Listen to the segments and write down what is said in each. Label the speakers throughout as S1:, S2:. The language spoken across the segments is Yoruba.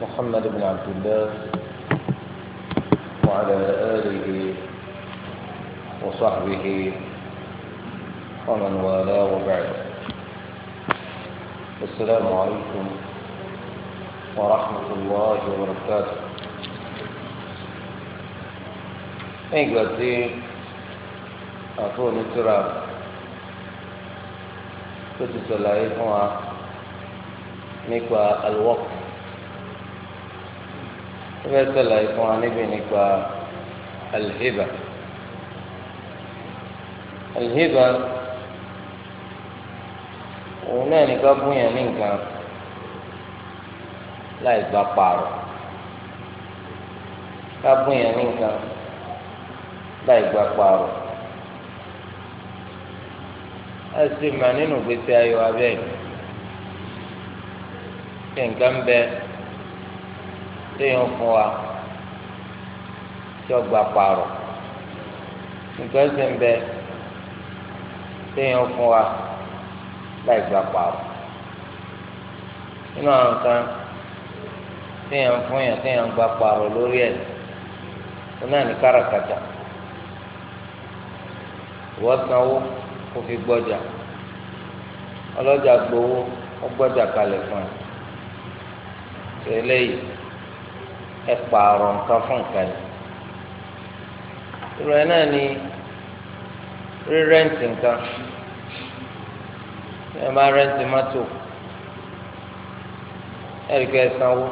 S1: محمد بن عبد الله وعلى آله وصحبه ومن والاه وبعد السلام عليكم ورحمة الله وبركاته nígbà tí àfọwọ́nì tura tó ti أعطوني tura to fún fẹ́ sọ̀làyé fún wa níbi nípa alhiba alhiba òun náà nìkan bóyá ní nǹkan láì gba pààrọ̀ ká bóyá ní nǹkan láì gba pààrọ̀ ẹ sì mà nínú gbèsè ayọ̀ abẹ́ yìí kí nǹkan bẹ́ẹ̀. téèyàn fún wa tí ọgbà pààrọ̀ nǹkan ẹsẹ̀ ń bẹ téèyàn fún wa láì gbà pààrọ̀ nínú àwọn kan téèyàn fún yàn téèyàn gbà pààrọ̀ lórí ẹ̀ tó náà ní káràkátà wọ́n sanwó kó fi gbọ́jà ọlọ́jà gbowó ó ẹ pààrọ̀ nǹkan fún nǹkan yìí ìrọ̀lẹ́ náà ni rírẹ́ǹtì nǹkan tí ẹ bá rẹ́ǹtì mọ́tò ẹ̀rí pé ẹ sanwó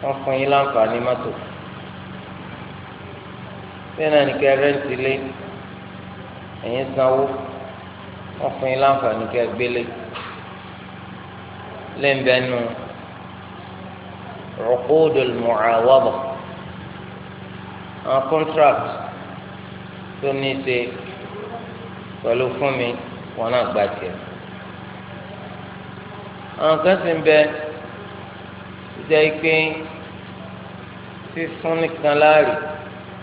S1: wọ́n fún yín láǹfààní mọ́tò tí náà ni kẹ́ rẹ́ǹtì lé ẹ̀yin sanwó wọ́n fún yín láǹfààní kẹ́ gbélé lẹ́ńbẹ́nu. عقود المعاوضة àwọn contract tó ní í ṣe pẹ̀lú fún mi wọn náà gba tiẹ̀ àwọn kan sì ń bẹ jẹ́ pé fífún nìkan láàrì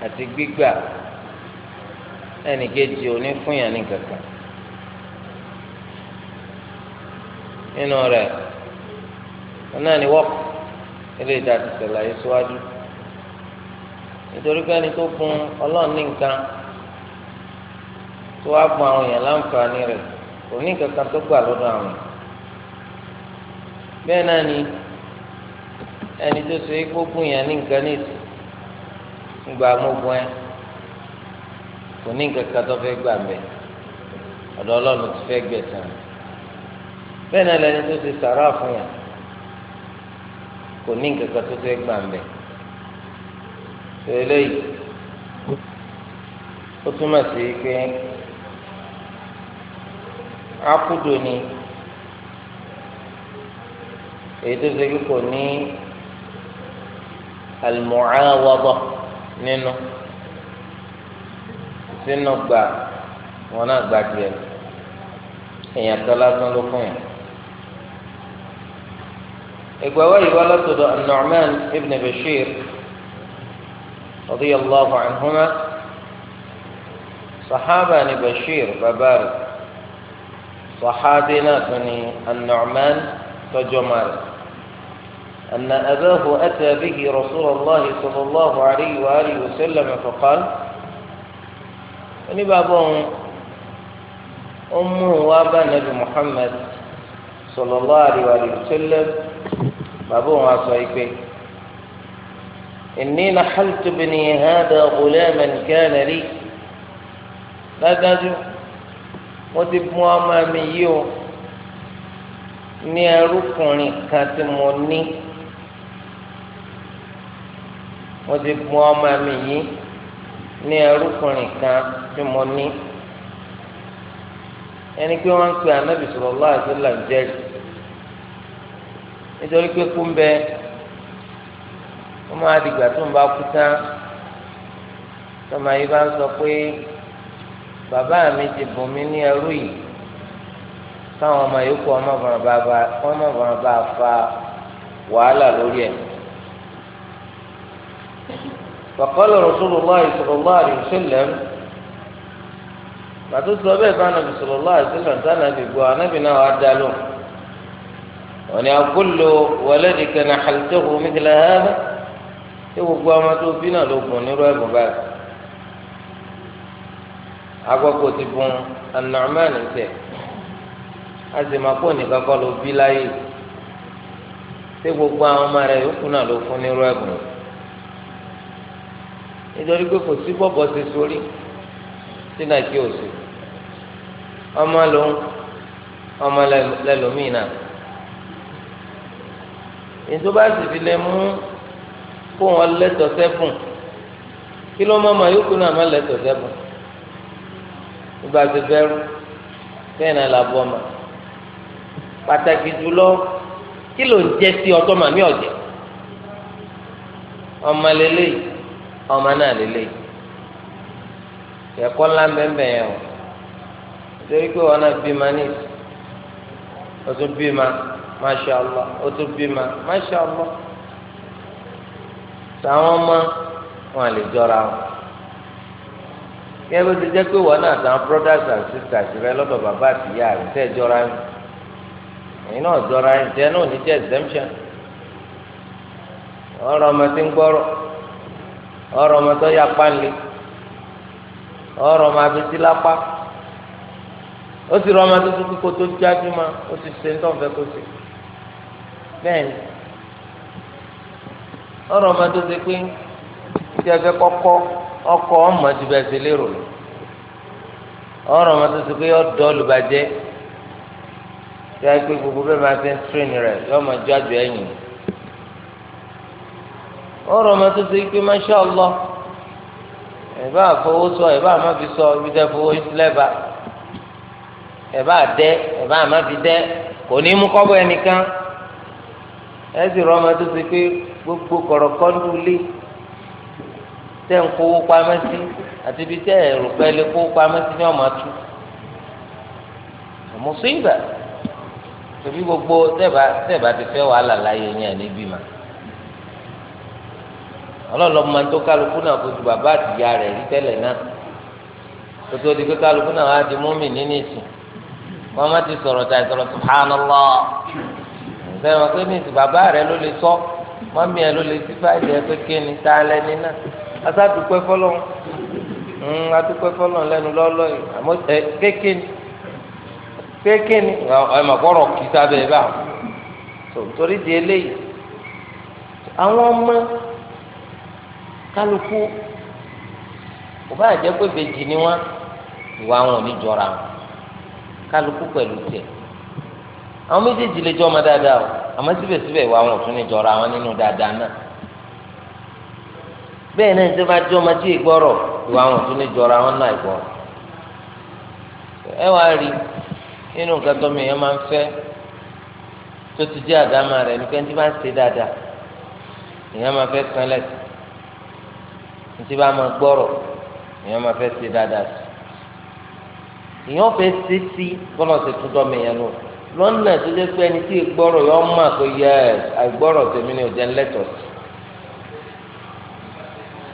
S1: àti gbígbà ẹnìkejì ò ní fún yàn ní kankan nínú rẹ̀ wọn náà ni wọ́pọ̀. ilé ìdájọ́ ṣàlàyé síwájú nítorí pé ẹni tó gun ọlọ́run ní nǹkan tó wá gun àwọn èèyàn láǹfààní rẹ̀ kò ní kankan tó gbà lọ́dọ̀ àwọn bẹ́ẹ̀ náà ni ẹni tó ṣe kó gun ní nǹkan ní ìsìn ńgbà ẹ kò ní kankan tó fẹ́ gbà mẹ́ kò ní nǹkan kan tó fẹ́ gbà ń bẹ̀ eléyìí ó túmọ̀ sí pé akudo ni èyí tó ṣe pé kò ní almuawada nínú sínú gbà wọn náà gbà tiẹ̀ èèyàn tó ló fún yẹn. إجواوي ولد النعمان ابن بشير رضي الله عنهما صحابة بشير ببار صحابنا بني النعمان فجمال أن أباه أتى به رسول الله صلى الله عليه وآله وسلم فقال أني بابهم أمه وأبا نبي محمد صلى الله عليه وآله وسلم bàbá òun aṣọ ìpè inni nahaltu bini hada ghulaman kana li dájú mo ti mú ọmọ mi yìí o ní ẹrúkùnrin kan tí mo ní mo ti mú ọmọ mi yìí ní ẹrúkùnrin kan tí mo ní ẹni pé wọn ń pe anabi sallallahu alaihi wasallam nítorí pé kú ń bẹ wọ́n máa dìgbà tó ń bá kú tán tọ́mọ yìí bá ń sọ pé bàbá mi ti bùn mí ní ẹrú yìí káwọn ọmọ yòókù ọmọbìnrin bá fa wàhálà lórí ẹ̀. فقال رسول الله صلى الله عليه وسلم ما sọ bẹ́ẹ̀ bá الله sọ̀rọ̀ lọ́wọ́ àti sọ̀rọ̀ sáà nàbì wọn ni akólo wọlé di kẹ náà xalitẹ́kù mẹtẹlẹ hẹ́ẹ́mẹ́ ṣé gbogbo ọmọ tó bí náà ló gùn nírú ẹ̀bùn báyìí agbọ́kọ̀ ti bùn anọ́mọ́ọ̀nì tẹ̀ a sì máa kó nìkan kọ́ ló bí láyé ṣé gbogbo àwọn ọmọ rẹ̀ yókù náà ló fún nírú ẹ̀bùn nítorí pé kò sí bọ́bọ̀ ṣe sórí tí nàìjíríà ò sí ọmọ lòun ọmọ lẹ́lòmíì náà ètò bá sì fi lè mú kó wọn lẹ́tọ̀ọ́ sẹ́fùn kí ló mọ̀ màá yókù náà má lẹ́tọ̀ọ́ sẹ́fùn ìgbà tó bẹ̀rù bẹ́ẹ̀ náà la bọ́ ma pàtàkì jùlọ kí ló ń jẹ́ sí ọtọ́ màmí ọ̀jẹ̀ ọmọ lélẹ́yìí ọmọ náà lélẹ́yìí ẹ̀kọ́ ńlá bẹ́ẹ̀ yẹn o nítorí pé wọn náà bí ma ní ọtún bí ma masha allah ó tún bímọ masha allah táwọn ọmọ wọn lè jọra wọn yẹ ti jẹ pé wọn náà táwọn brothers and sisters rẹ lọ́dọ̀ bàbá àtìyá rẹ tẹ jọra yín ẹ̀yin náà jọra yín tẹ náà ní jẹ exemption ọ̀rọ̀ ọmọ tí ń gbọ́rọ̀ ọ̀rọ̀ ọmọ tó yà pálí ọ̀rọ̀ ọmọ abetí lápá ó sì rọ ọmọ tó tún kó tó jájú ma ó sì ṣe ń tọ́ fẹ́ kó ṣe. bẹ́ẹ̀ni ọ̀rọ̀ ọmọ tó ṣe pé tí ẹ fẹ́ kọ́kọ́ ọkọ ọmọ ti bẹ ṣe lérò lọ ọ̀rọ̀ ọmọ tó ṣe pé ọdọ olùbàjẹ tí a pé gbogbo bẹ́ẹ̀ máa ṣe ń tírìn máa àjọ ẹ̀yìn ọ̀rọ̀ ọmọ tó ṣe pé Allah ẹ̀bá àfọwọ́sọ ẹ̀bá àmàfisọ ibi tẹ́ ẹ sì rọmọ tó ṣe gbogbo kọ̀rọ̀kọ́ndù lé tẹ́ ń kówó pamẹ́ sí àti ibi tẹ́ ẹ rò kówó pamẹ́ gbogbo tẹ́ẹ̀bà tẹ́ẹ̀bà ti fẹ́ wàhálà láyé yẹn níbí mà ọlọ́ọ̀lọ́ máa ń tó kálukú náà kó ju bàbá àtìyá rẹ̀ rí tẹ́lẹ̀ náà kótó di pé kálukú náà á di nínú ìsìn wọ́n má ti sọ̀rọ̀ sẹ́yìn wọn pé ní ìsìn bàbá rẹ ló lè sọ mọ́mí ẹ ló lè sí báyìí ẹ pé kí ni ta lẹ́ni náà asádùúpẹ́ fọlọ́ adúpẹ́ fọlọ́ lẹ́nu lọ́lọ́ yìí àmọ́ ẹ kéèké ni kéèké ni ẹ mà kì í sábẹ́ bá torí di eléyìí àwọn ọmọ kálukú kò bá jẹ́ pé bèjì ni wọ́n ìwà wọn ò ní jọra kálukú àwọn méjèèjì lè jọ ọmọ dáadáa o àmọ́ síbẹ̀síbẹ̀ ìwà wọn ò tún ní jọra wọn nínú dáadáa náà bẹ́ẹ̀ náà ṣe máa jọ ọmọ tí ìgbọ́rọ̀ ìwà wọn ò tún ní jọra wọn náà ìgbọ́rọ̀ ẹ wá rí nínú nǹkan tó mi yẹn máa ń fẹ́ tó ti jẹ́ àdámà rẹ̀ nípa tí máa ń ṣe dáadáa ìyẹn máa fẹ́ san lẹ́sì ní tí bá máa gbọ́rọ̀ ìyẹn máa fẹ́ ṣe dáadáa sí ìyẹn fẹ́ ṣe sí bọ́lọ̀ ṣe tún mi yẹn lóòrùn lọ́nà tó lé pé ẹni tí ìgbọ́rọ̀ yọ ọmọ àpò yẹ àìgbọ́rọ̀ tèmi ni òjẹ́ ńlẹ́tọ̀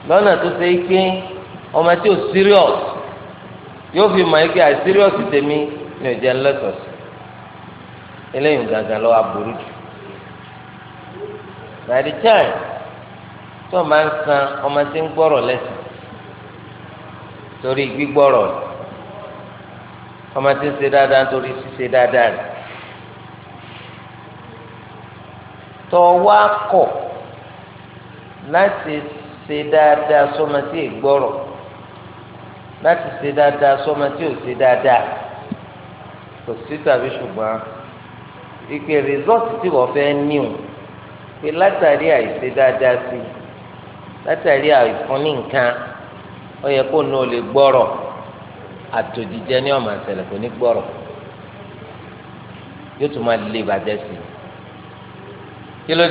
S1: lọ́nà tó ṣe pé ọmọ tí ò serious yóò fi mọ̀ ike àìserious tèmi ni òjẹ́ ńlẹ́tọ̀ eléyìí gàgà lọ́wọ́ aburú jù by the time tó o máa ń san ọmọ tí ń gbọ́rọ̀ lẹ́sìn torí gbígbọ́rọ̀ ọmọ tí ń ṣe dáadáa torí ṣíṣe dáadáa rẹ̀ tọ́ wá kọ̀ láti ṣe dáadáa sọ́mọ tí ì gbọ́rọ̀ láti ṣe dáadáa sọ́mọ tí ò ṣe dáadáa kò sí tàbí ṣùgbọ́n ìpè rìsọ́ọ̀tì tí wọ́n fẹ́ ní o pé látàrí àìṣe dáadáa sí i látàrí àìfúnni nǹkan ó yẹ kó nu olè gbọ́rọ̀ àtòjìjẹ ní ọ̀mà ìṣẹ̀lẹ̀ kò ní gbọ́rọ̀ yóò tún máa lè bàjẹ́ sí i kí ló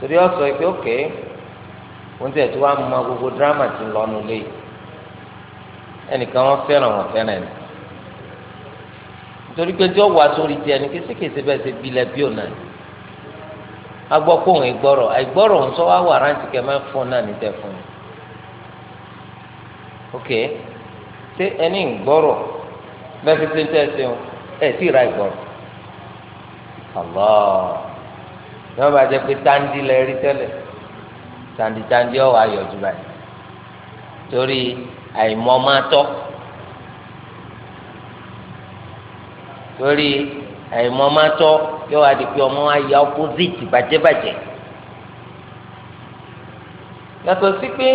S1: torí ọsọ ìpè òkè wọn ti ẹtù gbogbo dírámà ti lọ nù lé ẹnìkan wọn fẹ́ràn wọn fẹ́ràn ẹni nítorí pé tí ó wà sórí tiẹ̀ kéṣekéṣe bẹ́ẹ̀ ṣe bilẹ bí náà agbọ kó òun ìgbọrọ àìgbọrọ òun sọ wá wà rántí kẹ máa fún náà ní fún mi ok ṣé ẹni ìgbọrọ fi ra ìgbọrọ Allah. ní wọn bá jẹ pé tandi lẹ rí tẹ́lẹ̀ tandi tandi ọwọ ayọjú báyìí torí àìmọ̀ máa tọ torí àìmọ̀ máa tọ yóò wá di pé ọmọ wa ya opposite bàjẹ́bàjẹ́ yàtọ̀ sí pé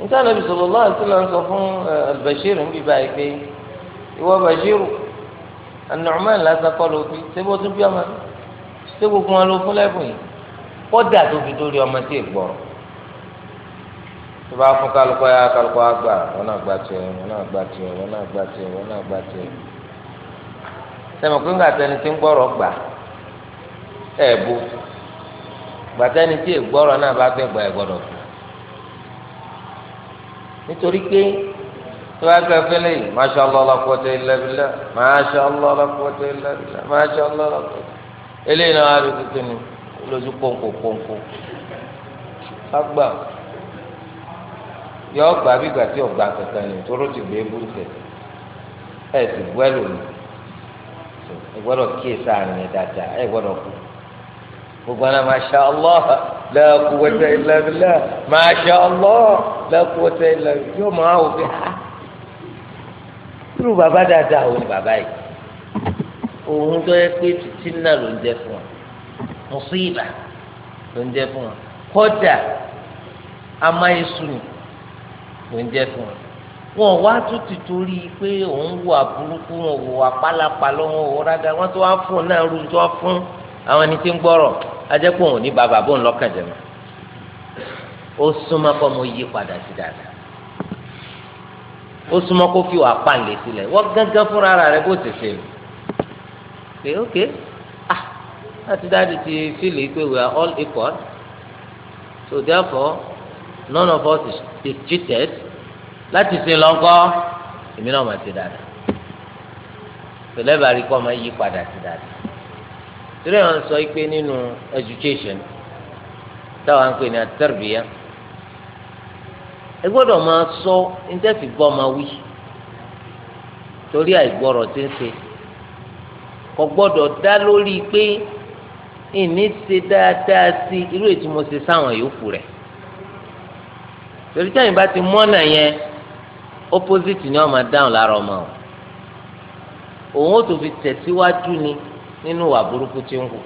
S1: nítorí Ànábì sallallahu alaihi wasallam sọ fún Al-Bashir níbi báyìí pé ìwọ Bashiru An-Nu'man lásán kọ́ ló fi ṣé bó tún bí ọmọ mi ṣé gbogbo wọn ló fún lẹ́bùn yìí kódà tó fi dórí ọmọ tí ì gbọ́rọ̀ tó bá fún kálukọ́ ya kálukọ́ àgbà wọn náà gbà tiẹ̀ wọn náà gbà tiẹ̀ wọn náà gbà tiẹ̀ wọn náà gbà tiẹ̀ sẹ́mi pé ńgbà tẹni tí ń gbọ́rọ̀ gbà ẹ̀ bu gbàtẹ́ni tí ì gbọ́rọ̀ náà bá fẹ́ gbà ẹ̀ gbọ́dọ̀ fún nítorí pé tó bá gbà fẹ́lẹ́ yìí masha Allah la quwwata illa billah masha Allah la quwwata illa billah masha Allah la quwwata. eléyìí náà wà lójú kínní lójú pọnpọ pọnpọ agbà yọ ọgbà bí ìgbà tí ọgbà kankan ní tó rọjò gbé ebú tẹ ẹ sì bú ẹ lòlù ẹ gbọ́dọ̀ kíyè sáàrin yẹn dáadáa ẹ gbọ́dọ̀ kú gbogbo àná masha allah la quwwata illa billah masha allah ha irú bàbá dada wo ni bàbá yìí. òun tó yẹ pé títí náà ló ń jẹ fún wa mùsíbà ló ń jẹ fún wa kọjá amáyésùnì ló ń jẹ fún wa wọn wá tún ti torí pé òun wò àbúrúkú wọn wò àpálapàlọ wọn wò rádà wọn tó wá fún un náà rú tó wá fún àwọn ẹni tí ń gbọ́rọ̀ ajẹpọ òun ní bàbá bóun lọkàn jẹ mọ ó súnmọ́ kọ mo yí padà sí dáadáa ó súnmọ́ kó fi wàá pàǹlẹ sílẹ̀ wọn gángan fúnra rẹ̀ bó ti ṣe lò pé ok ah láti dáàdi ti fílì pé we are all equal so therefore none of us is, is cheated láti sin lọ́kọ́ èmi náà mà ti dáadáa tòlẹ́bàárí kọ́ máa yí padà ti dáadáa torí àwọn sọ pé nínú education táwọn ń pè ní àtẹ̀rẹ̀bíyá ẹ gbọ́dọ̀ máa sọ ní tẹ́sí gbọ́ máa wí torí àìgbọ́rọ̀ tí ń ṣe kò gbọ́dọ̀ dá lórí pé ìní ṣe dáadáa sí irú ètò mo ṣe sáwọn yòókù rẹ̀ torí táyìn bá ti mọ́nà yẹn opposite ni wọ́n máa dáhùn lára ọmọ o òun ó tún fi tẹ̀síwájú ni nínú ìwà burúkú tí ń hù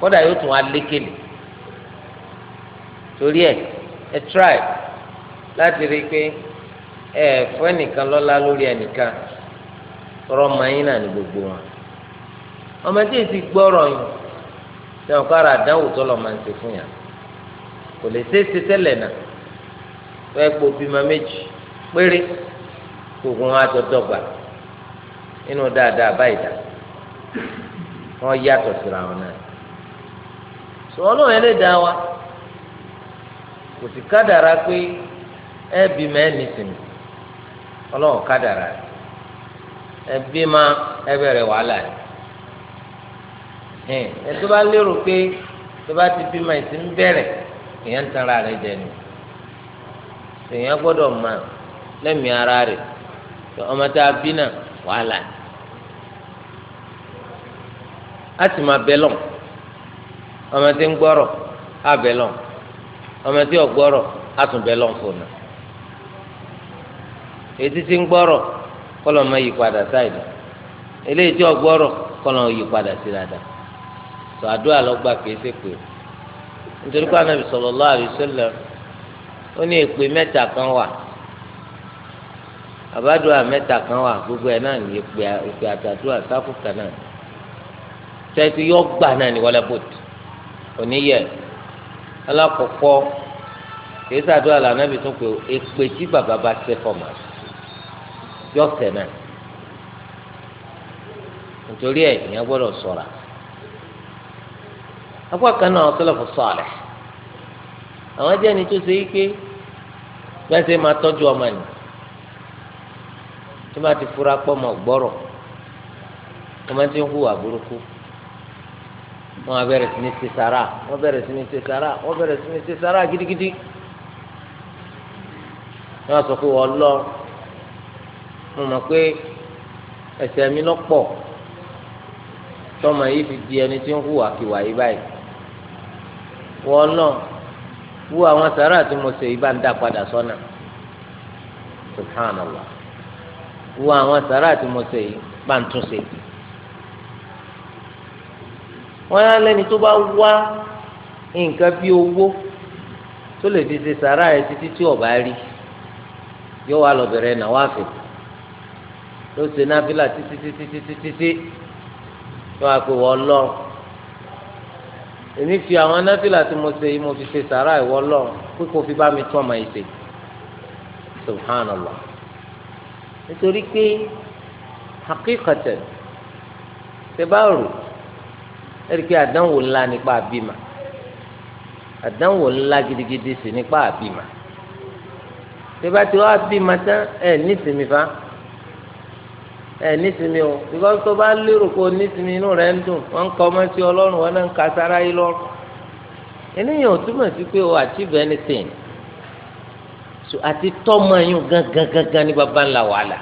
S1: kódà yóò tún wá lékele torí ẹ ẹ try láti rí i pé ẹ fún ẹnìkan lọ́lá lórí ẹnìkan rọ́ọ̀mọ́ yín náà ní gbogbo wọn. ọmọ tí èsì gbọ́rọ̀ yìí ṣe ọ̀kọ́ ara àdánwò tó lọ́ọ́ máa ń fún kò lè ṣe é ṣe tẹ́lẹ̀ náà bímọ méjì péré gbogbo wọn gbà nínú dáadáa báyìí dá wọ́n yàtọ̀ síra wọn náà sọ̀rọ̀ wa kò sì kádàrá pé ẹ bímọ ẹ kadara ọlọ́run kádàrá wàhálà yìí. ẹ tó bá lérò pé tó bá ti bímọ ìsìn bẹ̀rẹ̀ èèyàn ń tanra rẹ̀ jẹ èèyàn gbọ́dọ̀ mọ lẹ́mìí ara rẹ̀ ọmọ tá a bí náà wàhálà ni a sì máa bẹ lọ́n ọmọ tí ń gbọ́rọ̀ á bẹ lọ́n ọmọ tí ò gbọ́rọ̀ á tún tí ń gbọ́rọ̀ máa yí padà eléyìí tó àdúrà lọ́gbà kìí ṣe pé nítorí pé anabi sallallahu alaihi wasallam ó ní èpè mẹ́ta kan wà àbádùá mẹ́ta kan wà gbogbo ẹ̀ náà ní èpè àtàdúrà sáfùkà náà tẹ́tí yọ gbà náà ní wọlé bòt oníyẹ alákọ̀ọ́kọ́ kìí ṣàdúrà lànàbì tún pé èpè tí fọmà náà nítorí ẹ̀ ìyẹn gbọ́dọ̀ apá kan náà sọlọ́fù sọ̀lẹ̀ àwọn jẹ́ ẹni tó ṣe é pé bẹ́ẹ̀ ṣe máa tọ́jú ọmọ nì tó bá ti fura pọ̀ mọ́ gbọ́rọ̀ ọmọ tí ń hùwà burúkú wọ́n bẹ̀rẹ̀ sí ní ṣe sàrà wọ́n bẹ̀rẹ̀ sí ní ṣe sàrà wọ́n bẹ̀rẹ̀ sí ní ṣe sàrà gidigidi wọ́n sọ pé wọ́n lọ mo mọ̀ pé ẹ̀ṣẹ̀ mi lọ́pọ̀ tọ́mọ yìí fi di ẹni tí ń hùwà kíwà yìí báyìí. Wọn náà wú àwọn sàrà tí mo ṣe ń dá padà sọ́nà subhanallah wú àwọn sàrà tí mo ṣe ń tún ṣe. wọ́n yá lẹ́ni tó bá wá nǹkan bí owó tó lè fi ṣe sàrà títí tí rí yóò wá èmi fi àwọn anáfìlà tí mo ṣe mo fi ṣe sàrà ìwọ lọ́run pé kò fi bá mi tún ọmọ yìí ṣe subhanallah nítorí pé hakíkọtẹ ṣe bá rò ẹni pé àdánwò ńlá nípa àbímọ àdánwò ńlá gidigidi sí nípa àbímọ ṣe bá ti wá bímọ tán ẹ nísìmí fa ẹ nísìmí o because tó bá lérò pé o nísìmí inú rẹ ń dùn wọn ń kọ ọmọ sí ọlọ́run wọn náà ń ka sára yìí lọ́rùn eléyìí ò túmọ̀ sí pé o achieve anything so àti tọ́mọ yín gangan gangan ní baba ńlá wàhálà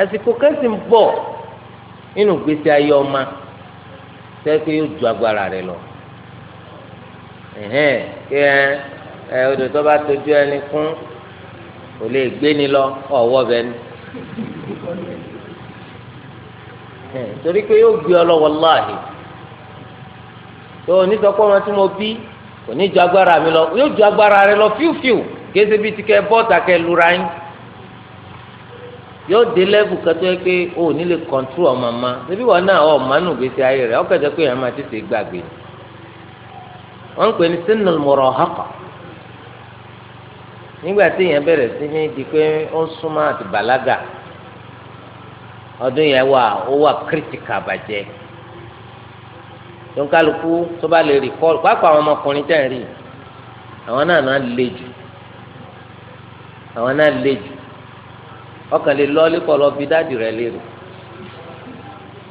S1: àsìkò kẹ́sì ń bọ̀ nínú gbèsè ayé ọma sẹ́yìn pé yóò ju agbára rẹ lọ ẹ̀hẹ́n kí ẹ ẹ odò tó bá tójú ẹni kún kò lè gbé ni lọ ọ̀wọ́ bẹ́ẹ̀ ni torí pé yóò gbé ọ lọ wàláhì tó o ní sọ pé ọmọ tí mo bí kò ní ju agbára mi lọ yóò ju agbára rẹ lọ fíufíu kì í ṣe bí tikẹ bọ́ọ̀tà kẹ lura yín yóò dé lẹ́bù kẹtọ́ yẹ pé o ò ní lè kọ́ńtúrò ọmọ ma níbí wọn náà ọ mánú gbèsè ayé rẹ ọkọ̀ jẹ́ pé yẹn máa tètè gbàgbé wọ́n pè ní sinul murahaka nígbà tí èèyàn bẹ̀rẹ̀ sí ní di pé ó ń súnmọ́ àti bàlágà ọdún yẹn wà ó wà kírítíkà bàjẹ́ tónkálukú tó bá lè rí kọ́ pàápàá àwọn ọmọkùnrin tẹ̀ ń rí àwọn náà le jù àwọn náà jù lè lọ lẹ́kọ̀ọ́ lọ bí dáàdì lérò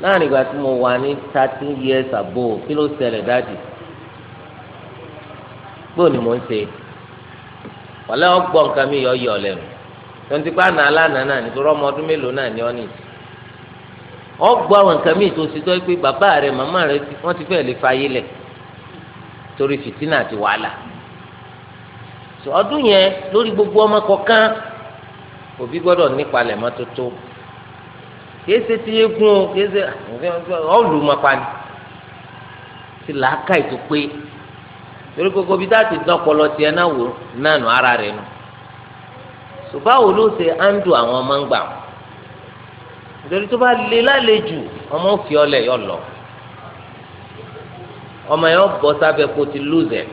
S1: láàrin ìgbà tí mo wà ní thirteen years ago kí ló ṣẹlẹ̀ dáàdì gbóò ni mo wàlẹ́ ọgbọ nǹkan mi yọ yọ lẹ́nu tonti pa àná alánà náà nítorí ọmọ ọdún mélòó náà ni ọ Baba ọgbọ́n àwọn nǹkan mi tó ti tọ́ pé bàbá rẹ màmá rẹ wọ́n ti fẹ́ẹ́ lè fayé lẹ̀ torí fìtínà gbogbo ọmọ òbí gbọ́dọ̀ nípalẹ̀ mọ́ ti eégún o kìí ṣe ọ̀lùmọ̀pá ni ti torí gbogbo bí dáàtì dán ọpọlọ tiẹ̀ náà wò náà nù ara rẹ̀ nù ṣùgbọ́n àwọn olóòṣè á ń dùn àwọn ọmọ ń gbà wọn nítorí tó bá lé lálejò ọmọ òfì ọlẹ̀ yọ lọ ọmọ yẹn bọ́ sábẹ́ kó ti lùzẹ̀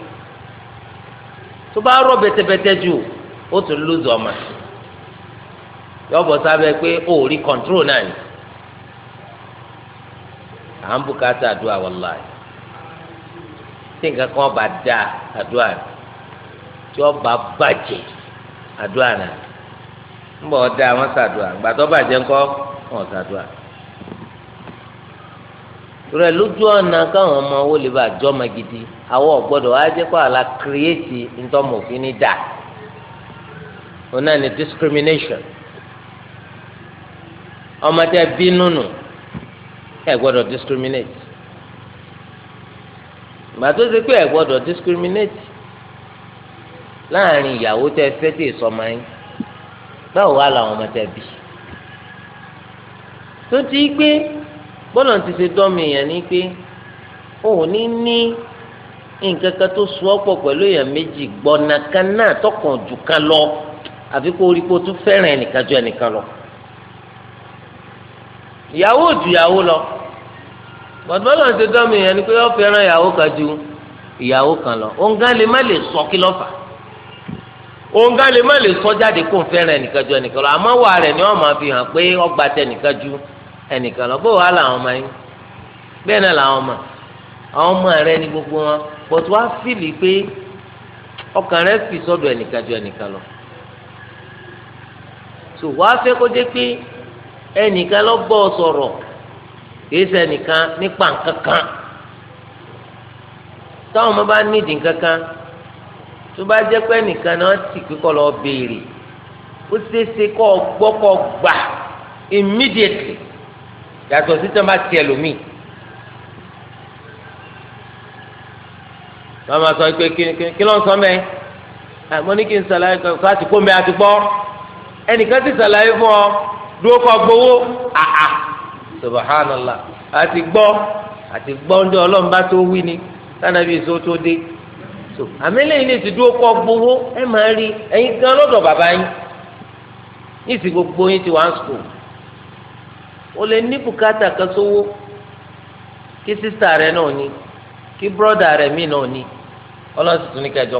S1: tó bá rọ̀ bẹ́tẹ́bẹ́tẹ́ jù ó tún lùzẹ̀ ọmọ yọ bọ́ sábẹ́ pé ó rí kọ̀ǹtró náà ni à ń bùkátà dùn àwọn láàyè. tí nǹkan kan bá da àdúrà rẹ̀ tí ó bá bàjẹ́ àdúrà rẹ̀ ń bọ̀ da wọ́n ṣàdúrà gbàtọ́ bàjẹ́ ńkọ́ wọ́n ṣàdúrà. rẹ̀ lójú ọ̀nà káwọn ọmọ owó lè bá jọ́ ọmọ gidi àwọn ọgbọdọ wá jẹ́ kó àlà kírẹ́ẹ̀tì ntọ́mọ̀ òfin discrimination ọmọ tẹ bínú nù ìgbà tó ṣe pé ẹ gbọ́dọ̀ discriminate láàrin ìyàwó tẹ fẹ́ tẹ sọmọ yín báwo wá làwọn ọmọ tẹ bí tó ti gbé bọ́lọ̀ ti ṣe dọ́mi èèyàn ni pé òun ní ní nǹkan kan tó so ọ́ pọ̀ pẹ̀lú èèyàn méjì gbọ́nà kan náà tọkàn jù kan lọ àfi kó rí kó tún fẹ́ràn ẹnìkan ju ẹnìkan lọ ìyàwó ò ju ìyàwó lọ bọ̀dọ̀lọ́ ti dọ́mi yẹn ni pé ya ìyàwó kan ju ìyàwó kan lọ òǹgá lè má lè sọ kí òǹgá lè má lè sọ jáde kó ń ẹnìkan ju ẹnìkan lọ ni wọ́n máa fi hàn pé ọgbà tẹ ẹnìkan ju ẹnìkan lọ bó wàá làwọn ọmọ yín bẹ́ẹ̀ náà làwọn ọmọ àwọn ọmọ rẹ ni gbogbo wọn bọ̀tù wá fìlì pé ọkàn rẹ fi sọ́dọ̀ ẹnìkan ju ẹnìkan lọ tó wàá fẹ́ kó dé pé ẹnìkan lọ kìí sẹ́nìkan nípa nǹkankan táwọn ọmọ bá nídìí nǹkankan tó bá jẹ́ pé nìkan náà tì kíkọ́ lọ béèrè ó ṣeéṣe kọ́ gbọ́ kọ́ gbà immediately yàtọ̀ sí tẹ́lẹ̀ bá tiẹ̀ lómi. wọ́n máa sọ pé kí ló ń sọ mẹ́ mo ní kí n ṣàlàyé kan kó àti mi àti ẹnìkan ti ṣàlàyé fún ọ dúró kọ́ gbowó àhà. subhanallah àti gbọ́ àti gbọ́ ndé ọlọ́run bá tó wí ni sanabi èso tó dé so àmìlẹ́yìn lè ti kọ́ gbowó ẹ máa rí lọ́dọ̀ ti gbogbo yín ti wá ń o lè ní bùkátà kan sówó kí sísítà rẹ náà ni kí bírọ́dà rẹ míì náà ni ọlọ́run sì tún ní kẹjọ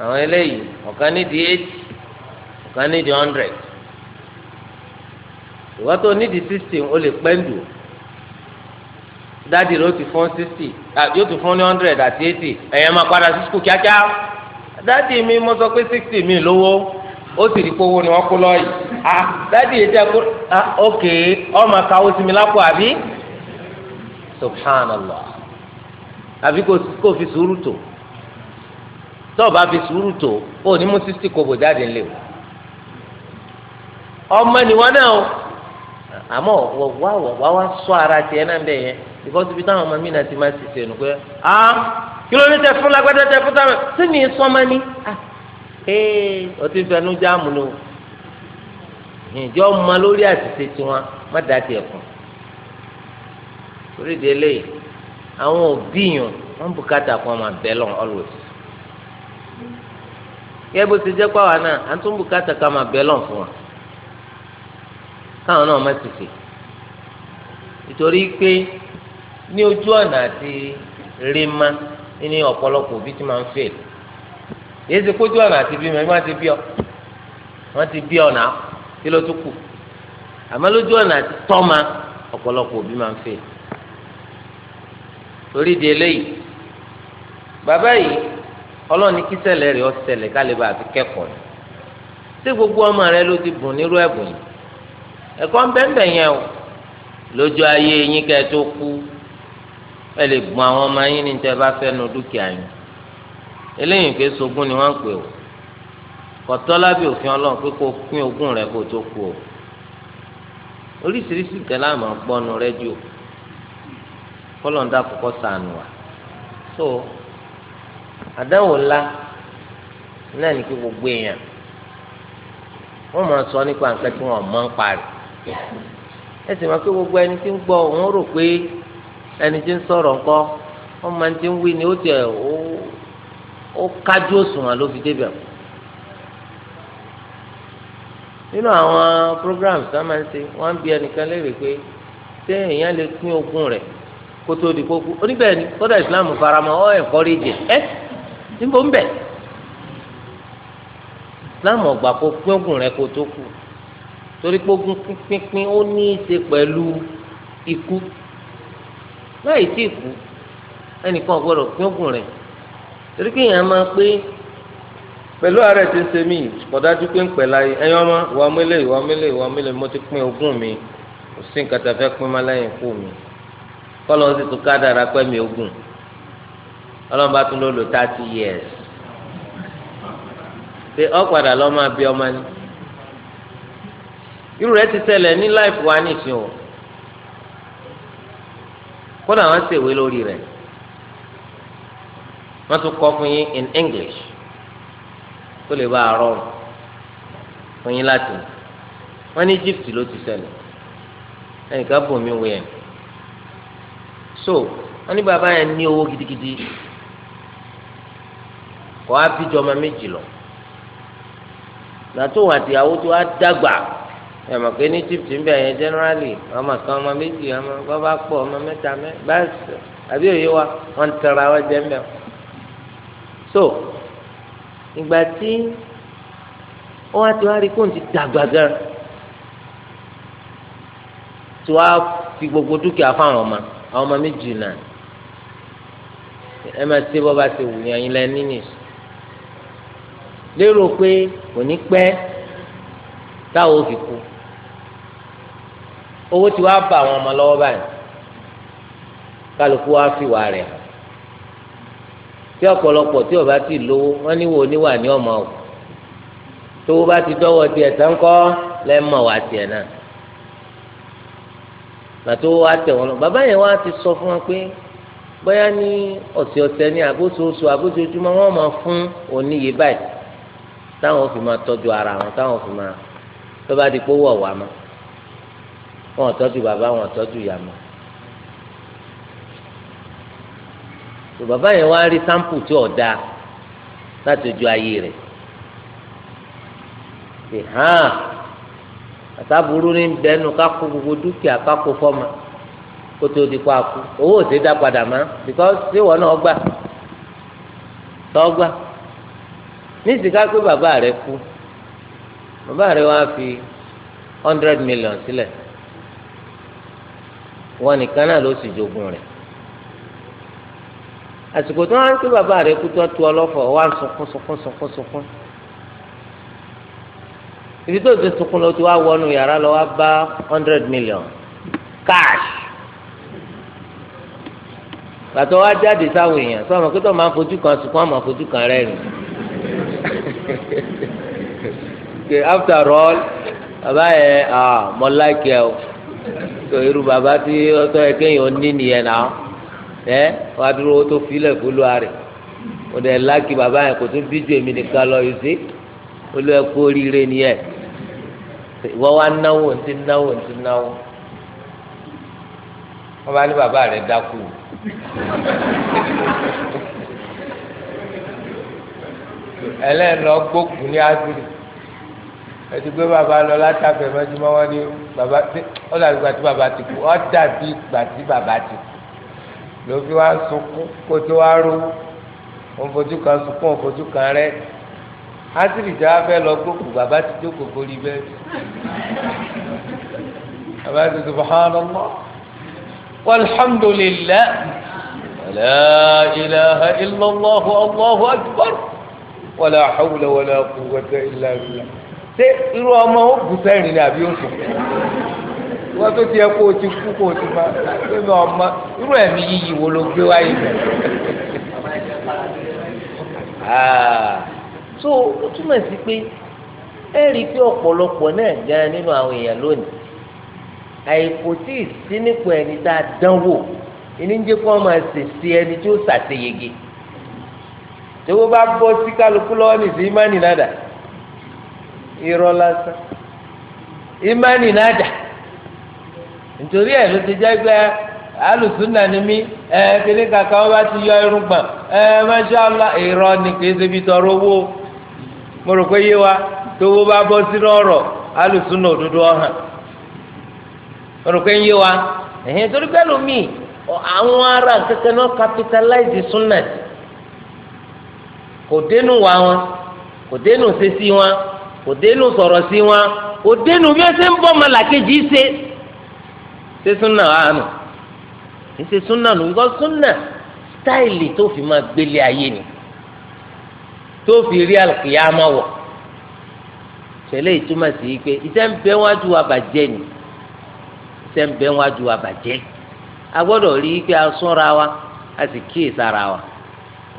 S1: àwọn eléyìí ọ̀kan nídìí eighty kan ní di hundred ìwọ́n tó ní di sixty o lè pẹ́ndù dáàdi rẹ ó ti fún sixty yóò ti fún ní hundred àti eighty ẹ̀yẹ́ máa padà sí skul kíákíá dáàdi mi mo sọ pé sixty mi lówó ó sì rí kówó ni wọ́n kó lọ́ọ̀yì ah dáàdi yìí jẹ́ kó ah ok ọmọ kàwé sí mi lápò àbí subhanallah àbí kò fi sùúrù tó tọ́ọ̀ bá fi sùúrù tó ó ní mú sixty kò bò jáde ńlẹ̀ o. ọmọ nìwọ náà o àmọ́ wọ wá wá sọ ara tiẹ̀ náà bẹ yẹn because táwọn ọmọ mi náà ti máa ti sẹnu pé ah
S2: kìlómítà fún lágbádá tẹ fún táwọn
S1: tí mi sọ ma ni ah ee eh, ọtí fẹnu jáàmù ni o ìjọ ma lórí àtìsẹ tiwọn má dá àwọn òbí yàn wọn lọ yẹ bó ti jẹ pàwọn náà lọ fún káwọn náà má tètè pé ní ojú ọ̀nà àti ní ọ̀pọ̀lọpọ̀ òbí tí máa ń ti kójú ọ̀nà àti bímọ ti ọ ti bí ọ̀nà ló tún kù àmọ́ lójú ọ̀nà àti tọ́ma ọ̀pọ̀lọpọ̀ òbí máa ń torí di eléyìí bàbá yìí kí rẹ̀ àti kẹ́kọ̀ọ́ ṣé gbogbo ọmọ rẹ ló ti ẹ̀kọ́ ń yẹn o lójú ayé yín kẹ́ ẹ tó kú ẹ lè bùn àwọn ọmọ yín ní tẹ́ bá fẹ́ nu dúkìá yín eléyìí pé ni wọn pè o kọ̀tọ́ lábẹ́ òfin ọlọ́run pé kó pín ogún rẹ̀ kó tó kú o oríṣiríṣi sànù wa so àdáwò ńlá náà ní kí gbogbo èèyàn máa sọ nípa nǹkan tí
S3: ẹ
S1: sì máa pé gbogbo ẹni tí ń gbọ́ òun rò pé ẹni tí ń sọ̀rọ̀ ńkọ́ wọ́n máa ti ń wí ni ó tiẹ̀ ó kájú òṣùwọ̀n ló fi débẹ̀ kù. nínú àwọn programs tá a máa ń ṣe wọ́n pé ṣé èèyàn lè pín rẹ̀ kó tó di kókó oníbẹ̀ ni kódà Islam faramọ́ ọ̀ ẹ̀kọ́ rí jẹ ẹ́ níbo ń bẹ̀ Islam ọ̀gbà kó pín ogun rẹ̀ kó tó torí pé ogún pínpín ó ní í ṣe pẹ̀lú ikú láì tí ikú ẹnìkan gbọ́dọ̀ pín ogún rẹ̀ torí pé èèyàn máa pé pẹ̀lú ààrẹ tí ń ṣe mí kọ̀dájú pé ń pẹ̀ láyé ẹ̀yin ọmọ ìwà mílẹ̀ ìwà mílẹ̀ ìwà mílẹ̀ mo ti pín ogún mi kò sí nǹkan tá a fẹ́ pín má lẹ́yìn ikú mi kọ́lọ́ sì tún ká dára pẹ́ mi ogún ọlọ́run bá tún lò lò thirty years ṣé ọ̀ padà lọ́ máa bí ọmọ ni irú rẹ̀ ti ṣẹlẹ̀ ní láìpẹ́ wa nìsín o kódà wọ́n ṣèwé lórí rẹ̀ wọ́n tún kọ fún yín in English kó lè bá a rọrùn fún yín láti wọ́n ní Egypt ló ti ṣẹlẹ̀ ẹnìkan bò mí wẹ̀ so wọ́n ní bàbá yẹn ní owó gidigidi kọ́ á bí jọmọ méjì lọ nàtó àtìyàwó tó á dàgbà ẹ mọ̀ pé ní Egypt ń bẹ̀ yẹn generally ọmọ kan ọmọ méjì ọmọ bàbá pọ̀ ọmọ mẹ́ta mẹ́ báyìí àbí òye wa wọ́n ń wọn jẹ́ mẹ́ so ìgbà tí wọ́n á ti wá rí kóun ti dàgbà gan tí wọ́n á fi gbogbo dúkìá fáwọn ọmọ àwọn ọmọ méjì náà ẹ máa ṣe bọ́ bá ṣe wù yín lẹ́ nínú ìṣù lérò pé kò ní pẹ́ táwọn ò kú owó tí wàá bá àwọn ọmọ lọ́wọ́ báyìí kálukú wàá fìwà rẹ̀ hàn tí ọ̀pọ̀lọpọ̀ tí ọba ti lówó wọ́n ní wo níwà ní ọmọ o tówó bá ti dọ́wọ́ tiẹ̀ sáńkọ́ lẹ́mọ̀ wá tiẹ̀ náà gbàtó wá tẹ̀ wọ́n lọ bàbá yẹn wá ti sọ fún wọn pé bóyá ní ọ̀sẹ̀ ọ̀sẹ̀ ní àbóṣoṣo àbóṣojúmọ́ wọ́n máa fún oníyè báyìí táwọn fi máa tọ́jú ara wọn táwọn fi máa tó bá di pé wọ̀ wá máa wọn tọ́jú bàbá wọn tọ́jú ìyá mọ́ tó bàbá yẹn wá rí sáǹpù tí ò dáa láti ojú ayé rẹ̀ ṣe hàn àtàbúrú ní bẹnu kákó gbogbo dúkìá kákó fọ́mà kó tó di kó a kú owó ò sí dá padà mọ́ because ṣé wọn náà gbà tọ́ gbà ní ìsìká pé bàbá rẹ̀ kú bàbá rẹ̀ wá fi hundred million sílẹ̀. Si wọn nìkan náà ló sì jogún rẹ̀ àsìkò tí wọn ń pè bàbá rẹ̀ kú tó tu ọlọ́fọ̀ wá sunkún sunkún sunkún sunkún ibi tó ti sunkún lọ tí wàá wọnú yàrá lọ wàá bá hundred million cash pàtó wàá jáde sáwọn èèyàn sọ ma pé tó máa fojú kan sunkún àmọ́ fojú kan rẹ̀ rìn after all bàbá yẹn ah, mọ láìkẹ́ o tó irú bàbá tí ọtọ yẹ kéèyàn ní nìyẹn náà ẹ wàá dúró tó filẹ̀ fúlù àrẹ̀ ó dẹ̀ láàkì bàbá yẹn kò tún bíjú èmi nìkan lọ yìí sí olú ẹ kú oríire nìyẹn ìwọ wa náwó ntí náwó ntí náwó wọn bá ní bàbá rẹ dákú ẹlẹ́nu ọgbókùn ní ásírì ẹtì pé bàbá lọ látàgbẹ mẹjúmọ wọn ni bàbá ó dàbí gbà tí bàbá ti kú ó dàbí gbà tí bàbá ti kú ló fi wá sunkún kó tó wá ró òun fojú kan sunkún òun fojú kan rẹ ásìrì tí a fẹ́ lọ gbókù bàbá ti jókòó kórìí bẹ́ẹ̀ bàbá ti subhanallah walhamdulillah la ilaha illallah allahu akbar wala hawla wala quwwata illa billah ṣé irú ọmọ ó bù sẹ́rìn ni àbí ó sùn wọ́n tó ti ẹ kó o ti kú kó o ti bá ṣé mi ọmọ irú ẹ̀mí yíyí wo ló gbé wáyé bẹ̀rẹ̀ ah. so ó túmọ̀ sí pé ẹ rí i pé ọ̀pọ̀lọpọ̀ náà gan nínú àwọn èèyàn lónìí àìkò tí ì sí nípò ẹni tá a dán wò ìní ń jẹ́ kó máa ṣèṣe ẹni tí ó ṣàṣeyege tí owó bá bọ́ sí kálukú lọ́wọ́ nìsí ìmánì nàdà irọ́ lásán ìmánì náà nítorí ẹ̀ ló ti jẹ́ pé alùsùnà ni mí ẹ kíní bá ti yọ irun gbọ̀n ẹ mọ́ṣáláà irọ́ ni kì ṣe fi tọrọ owó mo rò pé yé wa bá bọ́ sínú ọ̀rọ̀ alùsùnà òdodo ọ̀hàn mo rò pé yé wa ẹ̀hìn torí pé kò dénú sọ̀rọ̀ sí wọn kò dénú bí wọ́n ṣe ń bọ́ malakeji ṣe ṣe súnà àánú kì í ṣe súnà nù bíkọ́ súnà sítáìlì tó fi máa gbélé ayé ni tó fi rí àlùkìyàmá wọ̀ tẹ̀lé ìtumọ̀ sí i pé iṣẹ́ ń bẹ wájú abàjẹ́ ni iṣẹ́ ń bẹ wájú abàjẹ́ a gbọ́dọ̀ rí i pé a súnra wa a sì kíyèsára wa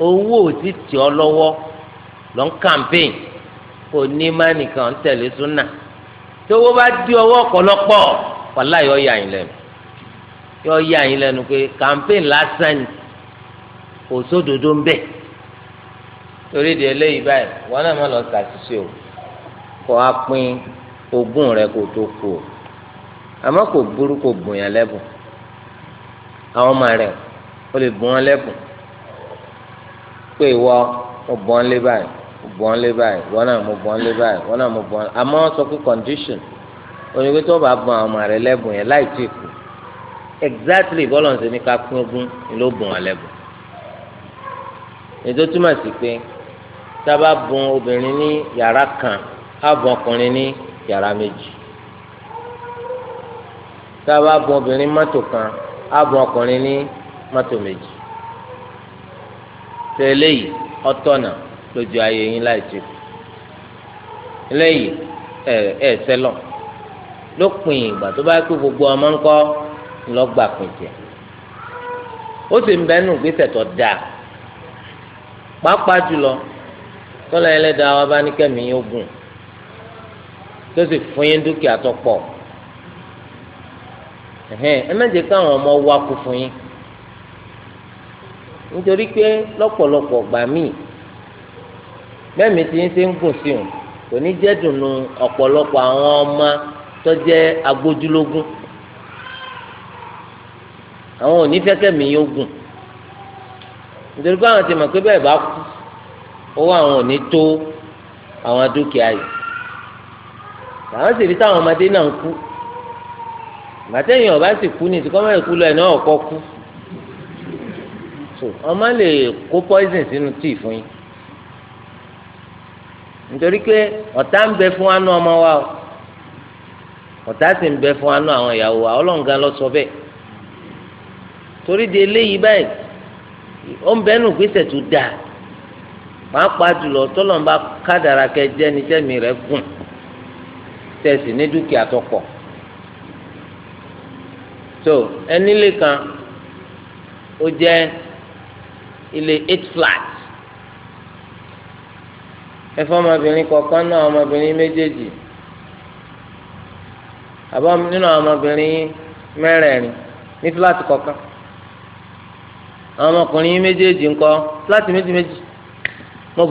S1: owó ò ti tì ọ lọ́wọ́ lọ́n kàmpéyìn onímọ̀ nìkan ń tẹ̀lé súnà tówó bá di ọwọ́ ọ̀pọ̀lọpọ̀ wàhálà yọ ya yín lẹ́nu yọ ya yín lẹ́nu pé campaign lásán ni kò sódodo ń bẹ torí di eléyìí báyìí wọn náà má lọ ṣàṣìṣe o kó a pín ogún rẹ kó tó kú o àmọ́ kò burú kò bùn yàn lẹ́bùn àwọn ọmọ rẹ o lè bùn wọn lẹ́bùn pé ìwọ mo lé báyìí bọ́n lé báyìí wọ́n náà mo bọ́n lé báyìí wọ́n náà mo bọ́n àmọ́ wọ́n sọ pé condition oníwé tó bá bọ́n àwọn ọmọ rẹ lẹ́bùn yẹn láì tí kù exactly bọ́lọ̀ ń ṣe ní ká pín ogún ló bùn wọn lẹ́bùn ètò túmọ̀ sí pé tá a bá bùn obìnrin ní yàrá kan á bùn ọkùnrin ní yàrá méjì tá a bá bùn obìnrin mọ́tò kan á bùn ọkùnrin ní mọ́tò méjì tẹ́lẹ̀ yìí ọ̀tọ̀ náà lójú ayé yín láì ti kù eléyìí ẹ ẹ sẹlọ lópin ìgbà tó bá kó gbogbo ọmọ ńkọ ńlọgbà pìntì ó sì ń bẹnu gbèsè tó dáa pàápàá jùlọ tọ́lá ẹlẹ́dàá wa bá ní kẹ́mi yóò gùn tó sì fún yín dúkìá tó pọ̀ ẹ má jẹ́ káwọn ọmọ wá kú fún yín nítorí pé lọ́pọ̀lọpọ̀ gbà míì bẹ́ẹ̀ mi ti ń ṣe ń gùn sí òun kò ní jẹ́ dùnú ọ̀pọ̀lọpọ̀ àwọn ọmọ tó jẹ́ agbójúlógún àwọn ò ní fẹ́ kẹ́mi yóò gùn nítorí pé àwọn ti mọ̀ pé bẹ́ẹ̀ bá kú owó àwọn ò ní tó àwọn dúkìá yìí àwọn sì rí táwọn ọmọdé náà ń kú gbàtẹ́yìn ọba sì kú ní ìsìnkọ́ mẹ́rin kú lọ ẹ̀ náà ọ̀kọ́ kú ọmọ lè kó poison sínú tíì fún yín nítorí pé ọ̀tá ń bẹ fún anú ọmọ wa o ọ̀tá sì ń bẹ fún anú àwọn ìyàwó wa ọlọ́ǹgá lọ sọ bẹ́ẹ̀ torí di eléyìí báyìí ó ń bẹ́ẹ̀ nù gbèsè tó dáa wàá pa jùlọ tọ́lọ́mbà kádàrà kẹjẹ ní tẹ́mi rẹ̀ gùn tẹ̀sí ní dúkìá tó pọ̀ tó ẹnílé kan ó jẹ́ ilé eight flat ẹfọ ọmọbìnrin kọ̀ọ̀kan náà ọmọbìnrin méjèèjì àbọ̀ nínú ọmọbìnrin mẹ́rẹ̀ẹ̀rin ní fúláàtì kọ̀ọ̀kan àwọn ọmọkùnrin méjèèjì ńkọ́ fúláàtì méjì méjì mo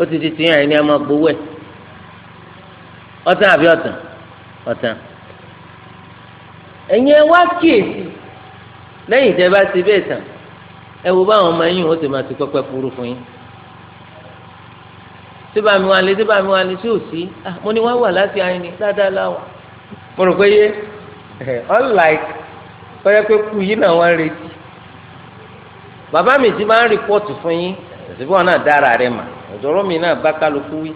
S1: ó ti di tìyàn ẹni ẹ gbowó ẹ àbí ẹ wá kíyèsí ti ẹ wo báwọn ọmọ ó ti máa ti fún yín. síbà mi wà lé síbà mi wà lé sí òsì ah, mo ní wọn wà láti ayin dáadáa láwà pé yé unlike pé kú náà retí bàbá mi ti máa ń rìpọ́tù fún yín síbí wọn náà dára rẹ mà mi náà bá wí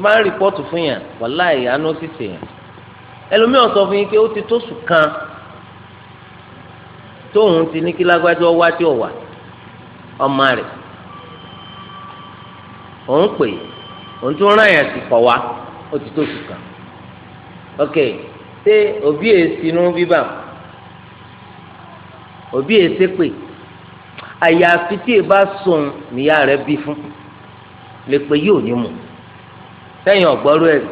S1: máa ń rìpọ́tù fún yàn yín pé ó ti tó sùn kan ti ní kí òun pè òun tún rán yẹn sì kọ̀ wá ó ti tó sùkà ok ṣé òbí èsínú bíbà òbí èsì pè àyàfi tí ìbá sùn níyà rẹ bí fún lè pé yóò ní mu sẹ́yìn ọ̀gbọ́rú ẹ̀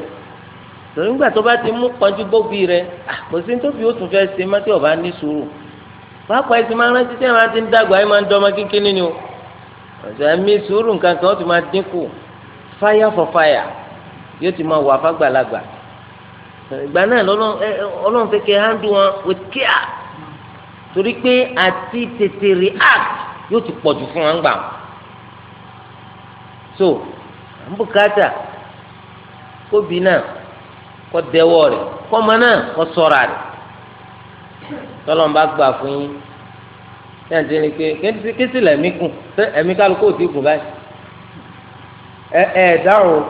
S1: lórí ńgbà tó bá ti mú pọ́njú bóbi rẹ kò sí nítorí ó tún fẹ́ ṣe má tí ọba ní sùúrù pápá ẹ ti máa rántí tẹ́ ẹ máa ti ń dàgbà ẹ máa ń dọ́mọ kínkínní ni o. ọ̀sẹ̀ ẹ̀mí sùúrù nǹkan kan ó ti máa dínkù fire for fire yóò ti máa wà fàgbàlagbà ìgbà náà ọlọ́run fẹ́ kẹ́ wọn with care torí pé àti tètè react yóò ti pọ̀jù fún wọn so àbùkátà kóbi náà kó dẹwọ́ rẹ̀ kọ́mọ náà kó sọ́ra rẹ̀
S3: tọ́lọ́mùbá gbà
S1: yẹn ti ní pé kí sì lẹ̀mí kù ṣé ẹ̀mí kálukú ò ti kù báyìí ẹ ẹ dáhùn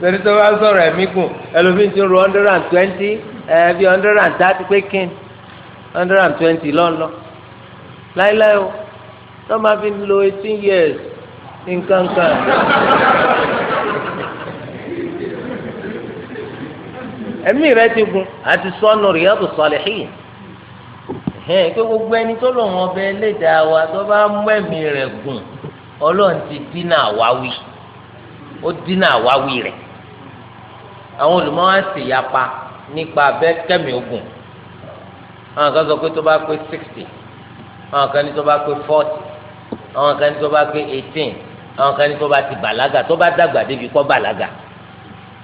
S1: torí tó bá sọ̀rọ̀ ẹ̀mí kù ẹlòmíín ti ń ro hundred and twenty ẹ bí hundred and thirty pé kín hundred and twenty lọ́nlọ́ láíláí o tó máa fi lo eighteen years nǹkankan.
S3: ẹ̀mí rẹ ti gun
S1: àti sọnù Riyadu Salihin hẹ́n pé gbogbo ẹni tó lòun ọbẹ̀ ẹlẹ́dàá wa tó bá mú ẹ̀mí rẹ̀ gùn ọlọ́run ti dínà àwáwí ó dínà àwáwí rẹ̀ àwọn olùmọ̀ wá sì yapa nípa abẹ́ kẹ́mi ogun àwọn kan sọ pé tó bá pé sixty àwọn kan ní tó bá pé forty àwọn kan ní tó bá pé eighteen àwọn kan ní tó bá ti bàlágà tó bá dàgbà débi kọ́ bàlágà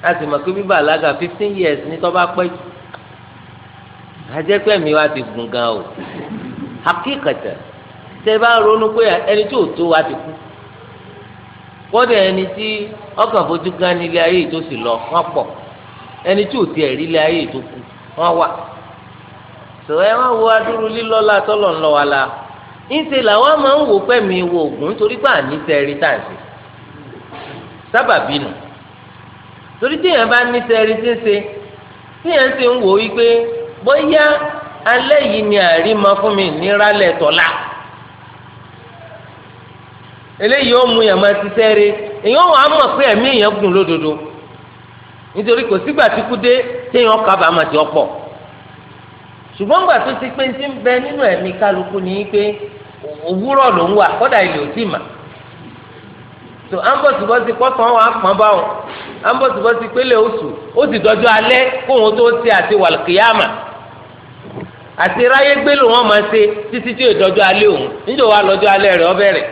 S1: láti mọ̀ pé bí bàlágà fifteen years ní tó bá pẹ́ jù àjẹpẹ́ mi wá ti gùn gan o hakíkàtà tẹ bá ronú pé ẹni tí ò tó wá ti kú kódà ẹni tí ọkàn fojú gan ayé tó sì lọ wọ́n pọ̀ ẹni tí ò tiẹ̀ ẹ̀rí ilé ayé tó kú wọ́n wà tò ẹ wọ́n wo adúrú lílọ́lá tọ́lọ̀ wa la ńṣe làwọn máa ń wò wo ògùn torí pé àní ní tí bóyá alẹ́ yìí ni ma fún mi níralẹ̀ tọ́lá eléyìí ó mu yàn máa ti sẹ́ẹ̀rẹ́ èyàn wà á mọ̀ pé ẹ̀mí èyàn gùn lódodo nítorí kò sígbà tí kú dé téèyàn kábàámọ̀ tí ó pọ̀ ṣùgbọ́n gbà tó ti pé ti ń bẹ nínú ẹ̀mí kálukú ni pé òwúrọ̀ ló ń wà kọ́dà ilé ò tí mà tó ambọ̀sibọ́sí pọ́sán pọ́n ambọ̀sibọ́sí pélé oṣù ó sì dọ́jú alẹ́ kóhun tó àti ráyé gbé ló wọn máa ṣe títí tí òjọjọ alẹ́ òun níjọ wa lọ́jọ́ alẹ́ rẹ̀ ọbẹ̀rẹ̀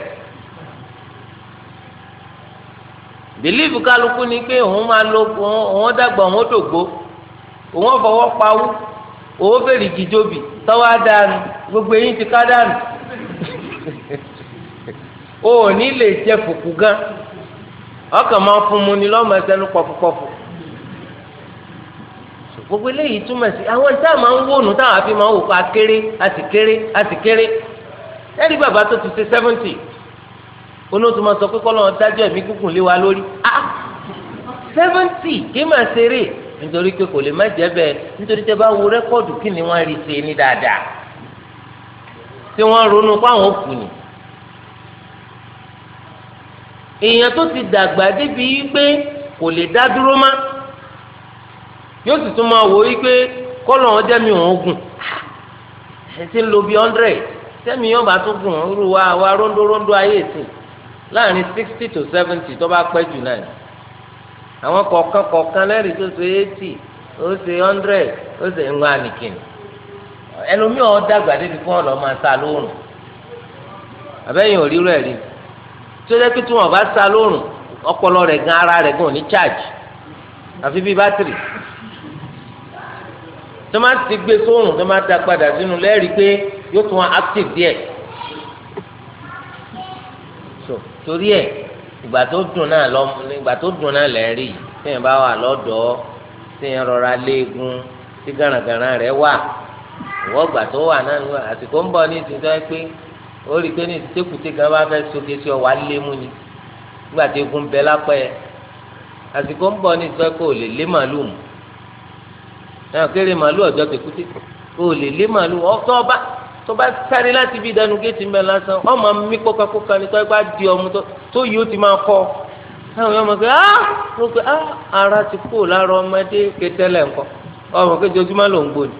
S1: bìlífù kálukú ni pé òun máa lo òun dàgbà òun dògbó òun fọwọ́ pawú òun fèrè jìjọbi tọ́wọ́ dànù gbogbo eyín ti ká dànù lè jẹ gan mu ni lọ́mọ ẹsẹ̀ ní pọ̀fupọ̀fu gbogbo eléyìí túmọ̀ sí àwọn tá a máa ń wónú táwọn àfi máa ń wò pa kéré àti kéré àti kéré ẹ̀rí bàbá tó ti ṣe seventy onótú máa sọ pé kọ́ lọ́wọ́ dájọ́ ẹ̀mí gígùn lé wa lórí ah seventy kí máa ṣeré nítorí pé kò lè má jẹ́ bẹ́ẹ̀ nítorí tẹ́ bá wo rẹ́kọ́ọ̀dù kí ni wọ́n rí ṣe ní dáadáa tí wọ́n ronú fáwọn òkú ni èèyàn tó ti dàgbà débi pé kò lè dá dúró máa yóò sì tún máa wò ó pé kọ́lọ̀ wọn jẹ́mi òun gùn ẹ ń lo bíi hundred sẹ́mi yóò bá tún gùn wa wa ayé sí láàrin sixty to seventy tó bá pẹ́ jù náà àwọn kọ̀ọ̀kan kọ̀ọ̀kan lẹ́rìí tó so eighty ó ṣe hundred ó ṣe ń wá nìkìnnì ẹlòmíì ọ̀ dàgbà débi fún ọ̀lọ́ máa sa lóòrùn àbẹ́yìn ò rírọ̀ ẹ̀rí tí ó jẹ́ pé tí wọ́n bá sa lóòrùn ọpọlọ rẹ̀
S3: tó máa ti gbé sóòrùn tó máa da padà sínú lẹ́rìí pé yóò tún wọn active díẹ̀
S1: so torí ẹ̀ ìgbà tó dùn náà lọ ìgbà tó dùn náà lẹ́rìí téèyàn bá wà lọ́dọ̀ọ́ téèyàn rọra léegun tí gàràngàrà rẹ̀ wà ìwọ́ ìgbà tó wà náà ló àsìkò ń bọ̀ ní ìsìn tó pé ó rí i pé ní ìtẹ́kùtẹ́ gan bá fẹ́ sókè sí ọ wà lé mú ni nígbà tí egun bẹ lápẹ́ àsìkò ń bọ̀ ní ìsìn tó yẹ pé ò lè lé màlúù mú náà kéré màálù ọjọ́ tẹ̀kútẹ́ o lè lé màálù ọ̀tọ́ ọba tó bá sáré láti bí ìdánù géètì ń bẹ lásán ọmọ mi kókakóka ni tó bá di ọmú tó yìí ó ti máa kọ́ táwọn yọmọ pé
S3: á ló pé á
S1: ara ti kú lára ọmọdé kẹtẹlẹ ńkọ ọmọ pé jojúmọ́ ló ń gbòdì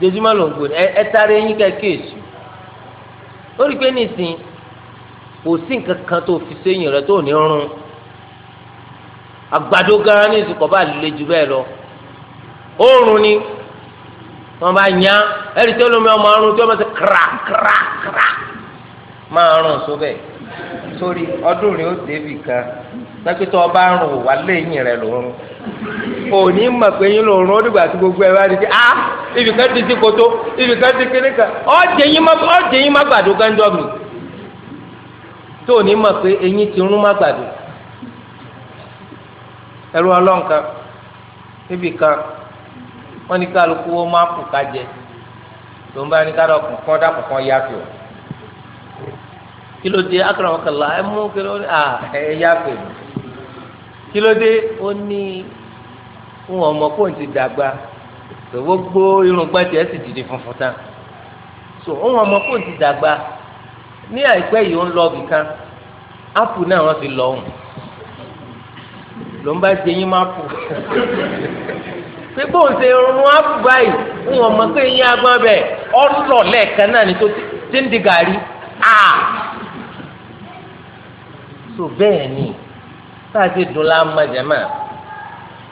S1: jojúmọ́ ló ń gbòdì ẹ táré yín kẹ́kẹ́ẹ̀sì ó rí i pé nìsín kò sí nǹkan kan tó fi sẹ́yìn rẹ tó ní rún àgbàdo gara ní bá lè ju bẹ́ẹ̀ lọ. oorun ni wọn bá yàn ẹni tó ma ọmọ ọrùn tó bá ti kra kra kra máa rùn sóbẹ sórí ọdún rẹ ó débì kan pẹ́kítọ́ ọba ń rùn wà lẹ́yìn rẹ lòórùn òní mọ̀ pé yín lòórùn gbogbo ẹ ah, ti a ibìkan ti ti koto ibìkan ti kiri kan ọ̀jẹ̀ yín má gbàdo gánjọ́ mi tó ní mọ̀ pé eyín ti rún má wọ́n ní kálukú wọ́n máa kù ká jẹ tó ń bá ní kálọ̀ kún kọ́ dàpọ̀ kan yáfẹ́ o kí ló dé akọ̀rọ̀mọkànlá ẹ mú kí ló à ẹ yáfẹ́ kí ló dé ó ní wọn ọmọ kó n ti dàgbà tó gbogbo irun gbàtí ẹ sì dìde funfun tán so wọn ọmọ kó n ti dàgbà ní àìpẹ́ yìí ó ń lọ bìkan ápù náà wọ́n fi lọ òun ló ń bá jẹ yín má pù
S3: pé bó ń ṣe
S1: rún áàpù ń wọ́n mọ̀ pé yín agbọ́n bẹ́ẹ̀ ọ̀rọ̀ lẹ́ẹ̀kan náà ni tó ti ń di gàrí à. so bẹ́ẹ̀ ni bá a ṣe dùn láàmú jẹ́mà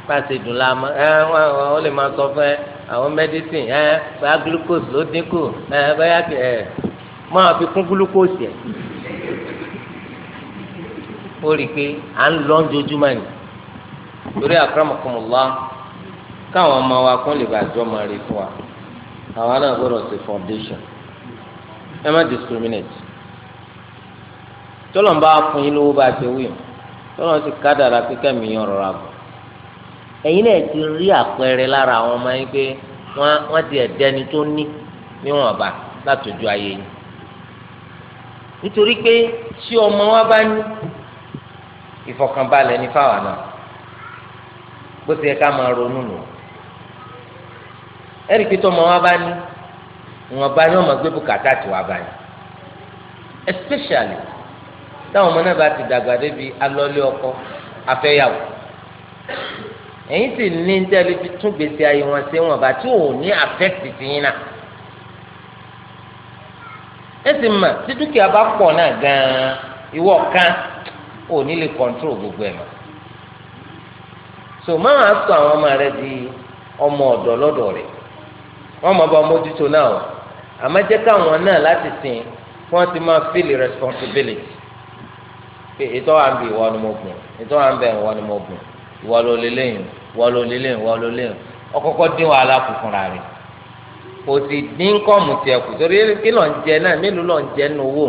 S1: bá a ṣe dùn láàmú ẹ wọ́n lè máa sọ fún ẹ àwọn mẹ́dísìn ẹ bá glucose ló dínkù ẹ báyà ẹ máa fi kún glucose ẹ ó rí i pé à ń lọ ojoojúmọ́ ni torí àkàràmọ̀kọ́mọ̀lá káwọn ọmọ wa kún lè bàjọ́ máa rí fún wa àwa náà gbọ́dọ̀ ṣe foundation ẹ má discriminate tọ́lọ̀ ń bá fún yín lówó bá ṣe wí tọ́lọ̀ ń sì kádàrà pé kẹ́mi yan rọra bọ̀ ẹ̀yin náà ti rí àpẹẹrẹ lára àwọn ọmọ yín pé wọ́n ti ẹ̀dẹ́ni tó ní níwọ̀nba látòjú ayé yín nítorí pé tí ọmọ wa bá ní ìfọ̀kànbalẹ̀ ní fáwọn náà bó ti yẹ ká máa ronú nù. No ẹ̀ríkì tó ọmọ wa bá ní wọn bá ní ọmọ gbé bùkátà tí wàá bá ní especially táwọn ọmọ náà ti dàgbà débi alọ́lé ọkọ afẹ́yàwó ẹ̀yin sì ní tẹ́lẹ̀ fi tún gbèsè ayé wọn ṣe wọn bá tí ò ní affect ẹ sì tí dúkìá bá pọ̀ náà gan-an ìwọ kan ò ní lè control gbogbo ẹ̀ mọ́ so máa sọ àwọn ọmọ rẹ di ọmọ ọ̀dọ́ lọ́dọ̀ wọ́n mọ̀ bá mójútó náà o àmọ́ jẹ́ káwọn náà láti sìn kí wọ́n ti máa feel responsibility pé ètò wa ń bẹ ìwọ ni mo gùn ètò wa ń bẹ ìwọ ni mo gùn ìwọ ló lélẹ́yìn ìwọ ló lélẹ́yìn ìwọ ló lélẹ́yìn ọkọ̀kọ́ dín wàhálà kù fúnra rẹ̀ kò sì dín kọ́ọ̀mù tiẹ̀ kù torí kí lọ́n jẹ náà mélòó lọ́n jẹ nínú owó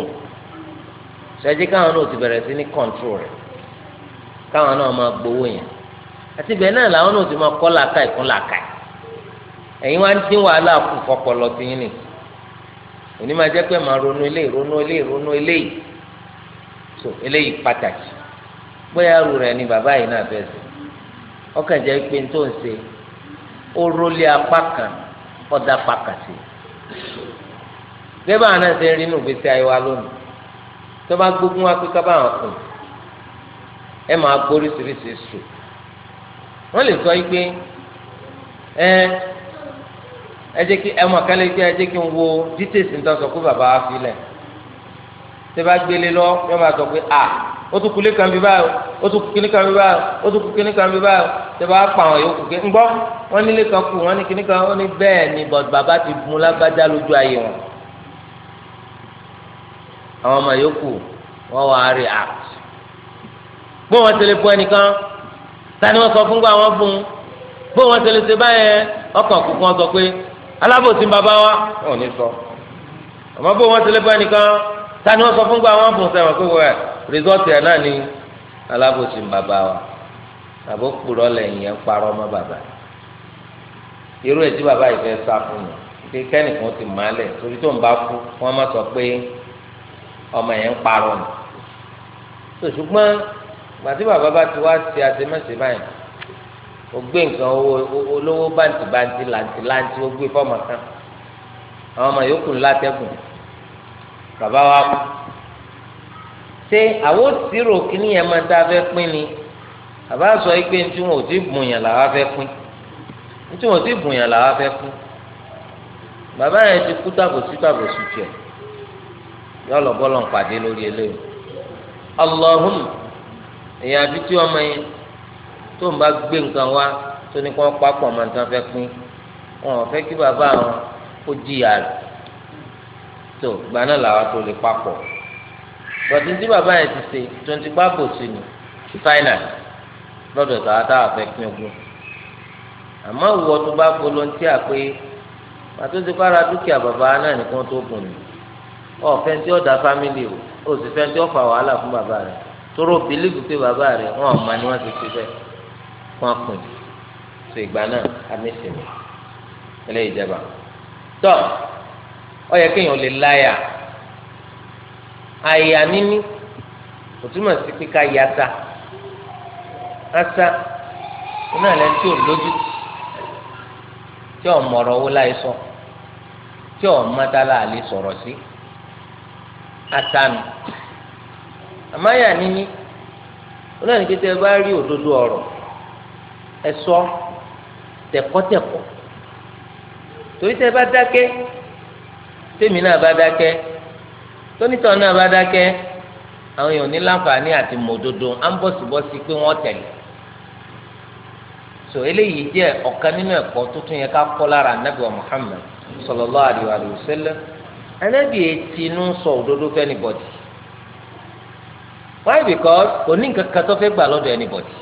S1: ṣẹ́jí káwọn náà ti bẹ̀rẹ̀ sí ní control rẹ̀ káwọn náà máa gbowó yẹn àti bẹ́ẹ̀ náà làwọn náà ti máa kọ́ làkà ìkún làkà ẹ̀yin wá ń dín wàhálà kù fọpọlọ tiyín ni òní máa jẹ́ pé màá ronú eléyìí ronú eléyìí ronú so pàtàkì rẹ̀ ni bàbá yìí náà fẹ́ẹ́ sè ọkàn jẹ́ pé o tó ń ṣe ó rólé apá kan ọ̀dà pàkàtì débà náà ṣe ń rí inú gbèsè ayé wa lónìí tó bá gbógun wá pé wọn ẹ máa gbóríṣiríṣi ẹ jẹ́ kí ẹ mọ̀ kálẹ̀ pé ẹ jẹ́ kí n wo details ń tọ́ sọ pé bàbá wa fi lẹ̀ tẹ́ bá gbélé lọ yóò máa sọ pé a ó tún kulé kan bí báyìí ó tún kíní kan bí báyìí ó tún kíní kan bí báyìí tẹ́ bá pa àwọn yòókù ké ńgbọ́ wọ́n nílé kan kù wọ́n ní kíní kan wọ́n ní bẹ́ẹ̀ ni bàbá ti gun lágbájá lójú ayé wọn àwọn ọmọ yòókù wọ́n wá react bó wọn ti lè ẹnìkan tani wọn sọ fún gbà wọn bùn bó wọn ti ṣe báyẹn ọkàn kúkú wọn sọ pé alábòsí bàbá wa wọn ò ní sọ àmọ́ bó wọn ti lé bá nìkan ta ni wọn sọ fún gba wọn bùn sẹwọn pé wẹ rìsọ́ọ̀tì ẹ̀ náà ni alábòsí bàbá wa àbó kpọ̀rọ̀ lẹ́yìn ẹ̀ ń parọ́ mọ́ bàbá irú ẹ̀ tí bàbá yìí fẹ́ sá fún mi pé kẹ́nìkan ti má lẹ̀ torí tó ń bá kú wọ́n má sọ pé ọmọ yẹn ń parọ́ mi. sòṣùgbọ́n gbàtí bàbá bá ti wá ti àtẹmẹ́sẹ̀ báyìí o gbé nǹkan owó olówó bántí bántí làǹtí làǹtí o gbé fọmọ kan àwọn ọmọ yòókù ńlá tẹkùn bàbá wa kú ṣé àwọn òsirò kìíní yẹn máa dá fẹ́ pín ni bàbá sọ pé ní tí wọn ò ti bùn yàn làwọn fẹ́ pín ní tí wọn ò ti bùn yàn làwọn fẹ́ pín bàbá yẹn ti kú tàbòsí tàbòsí tiẹ̀ yọ lọ bọlọ ń pàdé lórí eléyìí Allahumma èyí àbí tí ọmọ yẹn tó ń bá gbé nǹkan wá tó ní kó pápọ̀ máa tán fẹ́ pín wọn ò fẹ́ kí bàbá wọn ó jìyà rẹ̀ tó gba náà làwọn tó lè papọ̀ bọ̀dé tí bàbá yẹn ti ṣe tó ń ti pápò sí ni fáìnà lọ́dọ̀ tàwa táwa fẹ́ pín ogún àmọ́ ìwọ tó bá volontia pé pàtó ti kọ́ ara dúkìá bàbá náà nìkan tó gùn ni ọ̀fẹ́ tí ó da fámìlì o òsì fẹ́ tí ó fa wàhálà fún bàbá rẹ̀ tó rò bílíìfù pé bàbá rẹ̀ wọn ò mọ ni wọ́n ti fi bẹ́ẹ̀. wọn kùn so ìgbà náà a ní sinmi eléyìí jẹba ọ yẹ kéèyàn lè láyà àyà níní kò túmọ̀ sí pé ká yàtà asa iná lẹni tí ò lójú tí ò mọ̀rọ̀ owó láì sọ tí ò mọ́tálá àlè sọ̀rọ̀ sí asanu àmáyà níní olóòní pété bá rí òdodo ọ̀rọ̀ ẹ̀sọ́ tẹ̀kọ́tẹ̀kọ́ torí tẹ́ bá dákẹ́ tèmi náà bá dákẹ́ tónítọ̀ náà bá dákẹ́ àwọn èèyàn ní láǹfààní àti mòdodo à ń bọ̀sibọ́sí pé wọ́n tẹ̀lé so eléyìí jẹ́ ọ̀kan nínú ẹ̀kọ́ tuntun yẹn ká kọ́ lára anabi wa Muhammad sallallahu alaihi wa sallam anabi etí inú sọ òdodo fẹ́ anybody why because kò ní nǹkan kan tó fẹ́ gbà lọ́dọ̀ anybody.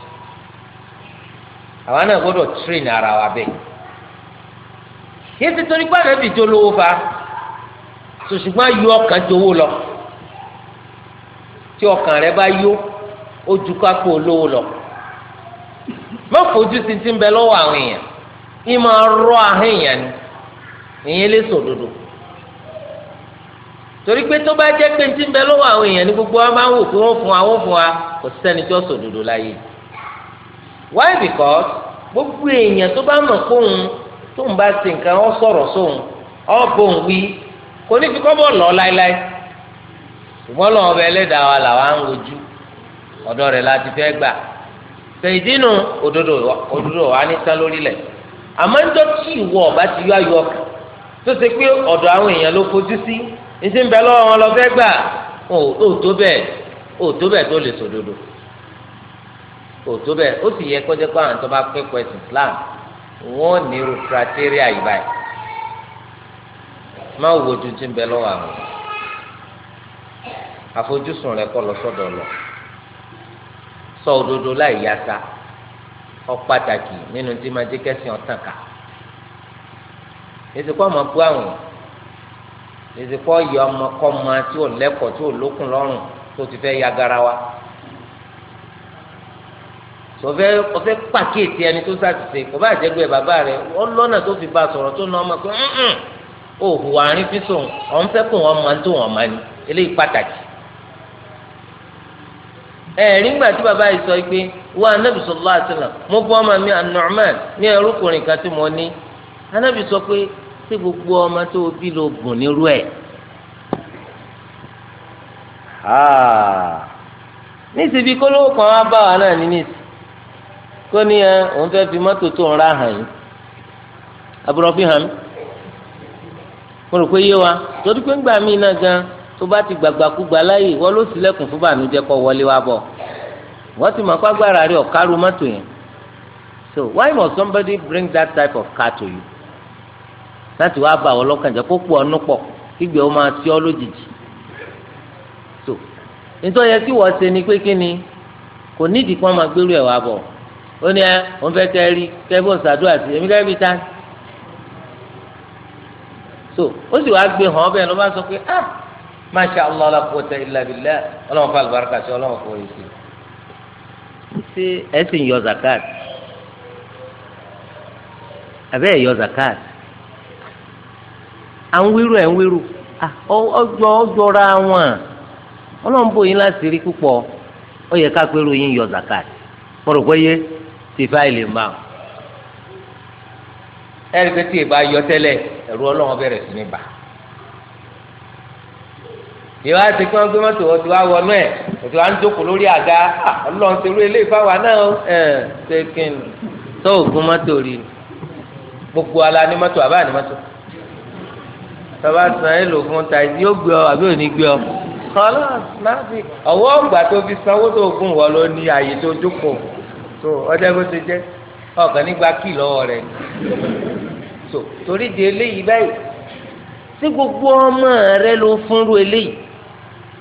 S1: àwa náà gbọ́dọ̀ train ara wa bẹ́ẹ̀ yéésì torí pé ànábì tó lówó fa sòṣùgbọ́n ọkàn lọ tí ọkàn rẹ bá yó ó ju kápò lọ má fojú ń bẹ lọ́wọ́ àwọn èèyàn kí máa rọ ahọ́n èèyàn ni èèyàn lè sòdodo torí pé tó bá ń bẹ lọ́wọ́ àwọn èèyàn gbogbo wa máa ń wò pé why because gbogbo èèyàn tó bá mọ̀ kóhun tó ń bá ti nǹkan ọ sọ̀rọ̀ sóhun ọ bòun wí kò ní fi kọ́bọ̀ lọ láéláé ṣùgbọ́n lọ́wọ́ bẹ ẹlẹ́dàá wa làwa ń wojú ọ̀dọ́ rẹ̀ láti fẹ́ gbà fèdínú òdodo òdodo wa ní sá lórí lẹ̀ àmọ́ ń jọ́ kí ìwọ ọ̀bá ti yọ ayọ̀ ọkàn tó ṣe pé ọ̀dọ̀ àwọn èèyàn ló fojú sí ní ti ń bẹ lọ́wọ́ wọn lọ fẹ́ gbà ó tó bẹ́ẹ̀ ó tó bẹ́ẹ̀ tó lè sòdodo. So kò tó bẹ́ẹ̀ ó sì yẹ kọjá pé àwọn tó bá Islam wọn ní irú kratéríà yìí báyìí má wo tuntun bẹ lọ́wọ́ àwọn àfojúsùn rẹ lọ lọ sọ òdodo láì ọ pàtàkì nínú tí máa jẹ́ kẹ́sìn ká ìsìnkú ọmọ bú àwọn ìsìnkú ọyọ ọmọ kọ́ ọmọ ti ya garawa. ọfẹ ọfẹ pàkíyèsí ẹni tó sàtìsẹ kò bá jẹgbẹ bàbá rẹ ọlọ́nà tó fi bá sọ̀rọ̀ tó nà ọmọ pé òhù àárín físùn ọ̀n fẹ́ kó wọn máa ń tó wọn máa ní eléyìí pàtàkì. ẹ̀rín gbà tí bàbá yìí sọ pé wá anábì sọ lọ́wọ́ àti náà mo bọ́ ọmọ mi anormal ní ẹrúkùnrin kan tí mo ní anábì sọ pé ṣé gbogbo ọmọ tó bí lo gùn nírú ẹ̀. níṣìbí kólówó kan wá bá wa náà ní níṣìí kó ní ẹ òun fẹ́ fi mọ́tò tó ń ra hàn yín fi hàn mo rò pé yé wa torí pé ńgbà míì náà gan tó bá ti gbàgbàkúgbà láàyè wọ́n ló ṣílẹ̀kùn fún bànújẹ́ kọ́ wọlé wa bọ̀ wọ́n ti mọ̀ pé agbára rẹ̀ ọ̀kárù mọ́tò so why must somebody bring that type of car to you láti wá bá ọ lọ́kàn jẹ́ kó pọ̀ ọ́nú pọ̀ kígbe ó so nítorí yẹ wọ́n ṣe ni ó ní ẹ òun fẹ́ kẹ́ rí èmi tán so ó sì wá gbé hàn bẹ́ẹ̀ ló bá sọ ah masha allah la quwwata illa billah ọlọ́run fa àlùbáríkà sí ọlọ́run fò yìí sí ṣé ẹ sì ń yọ zakat àbẹ́ ẹ̀ yọ zakat à ń wíru ń wíru ah, wọn ọlọ́run bò yín láti rí ó yẹ ká pérò ti fáìlì ń bá wọn. ẹ̀rí pé tí ì bá yọ tẹ́lẹ̀ ẹ̀rú ọlọ́wọ́n bẹ̀rẹ̀ sí ní bà. ìwà ti kí wọ́n gbé mọ́tò ọtí wá wọnú ẹ̀ ọtí wá ń jókòó lórí àga ah, ọlọ́run ti rú ilé ìfáwà náà ẹ̀ ṣe kí ni tó ògùn mọ́tò rí gbogbo ala ní mọ́tò àbá ní mọ́tò tọ́ba san èlò fún ta ìdí yóò gbé ọ àbí òní gbé ọ kọ́lá náà fi ọwọ́ ọgbà tó fi sanwó tó gùn wọ́ ló ní àyè tó jókòó. so ọjọ́ bó ti jẹ́ ọkàn nígbà kí lọ́wọ́ rẹ̀ so torí di eléyìí báyìí tí gbogbo ọmọ rẹ ló fúnru eléyìí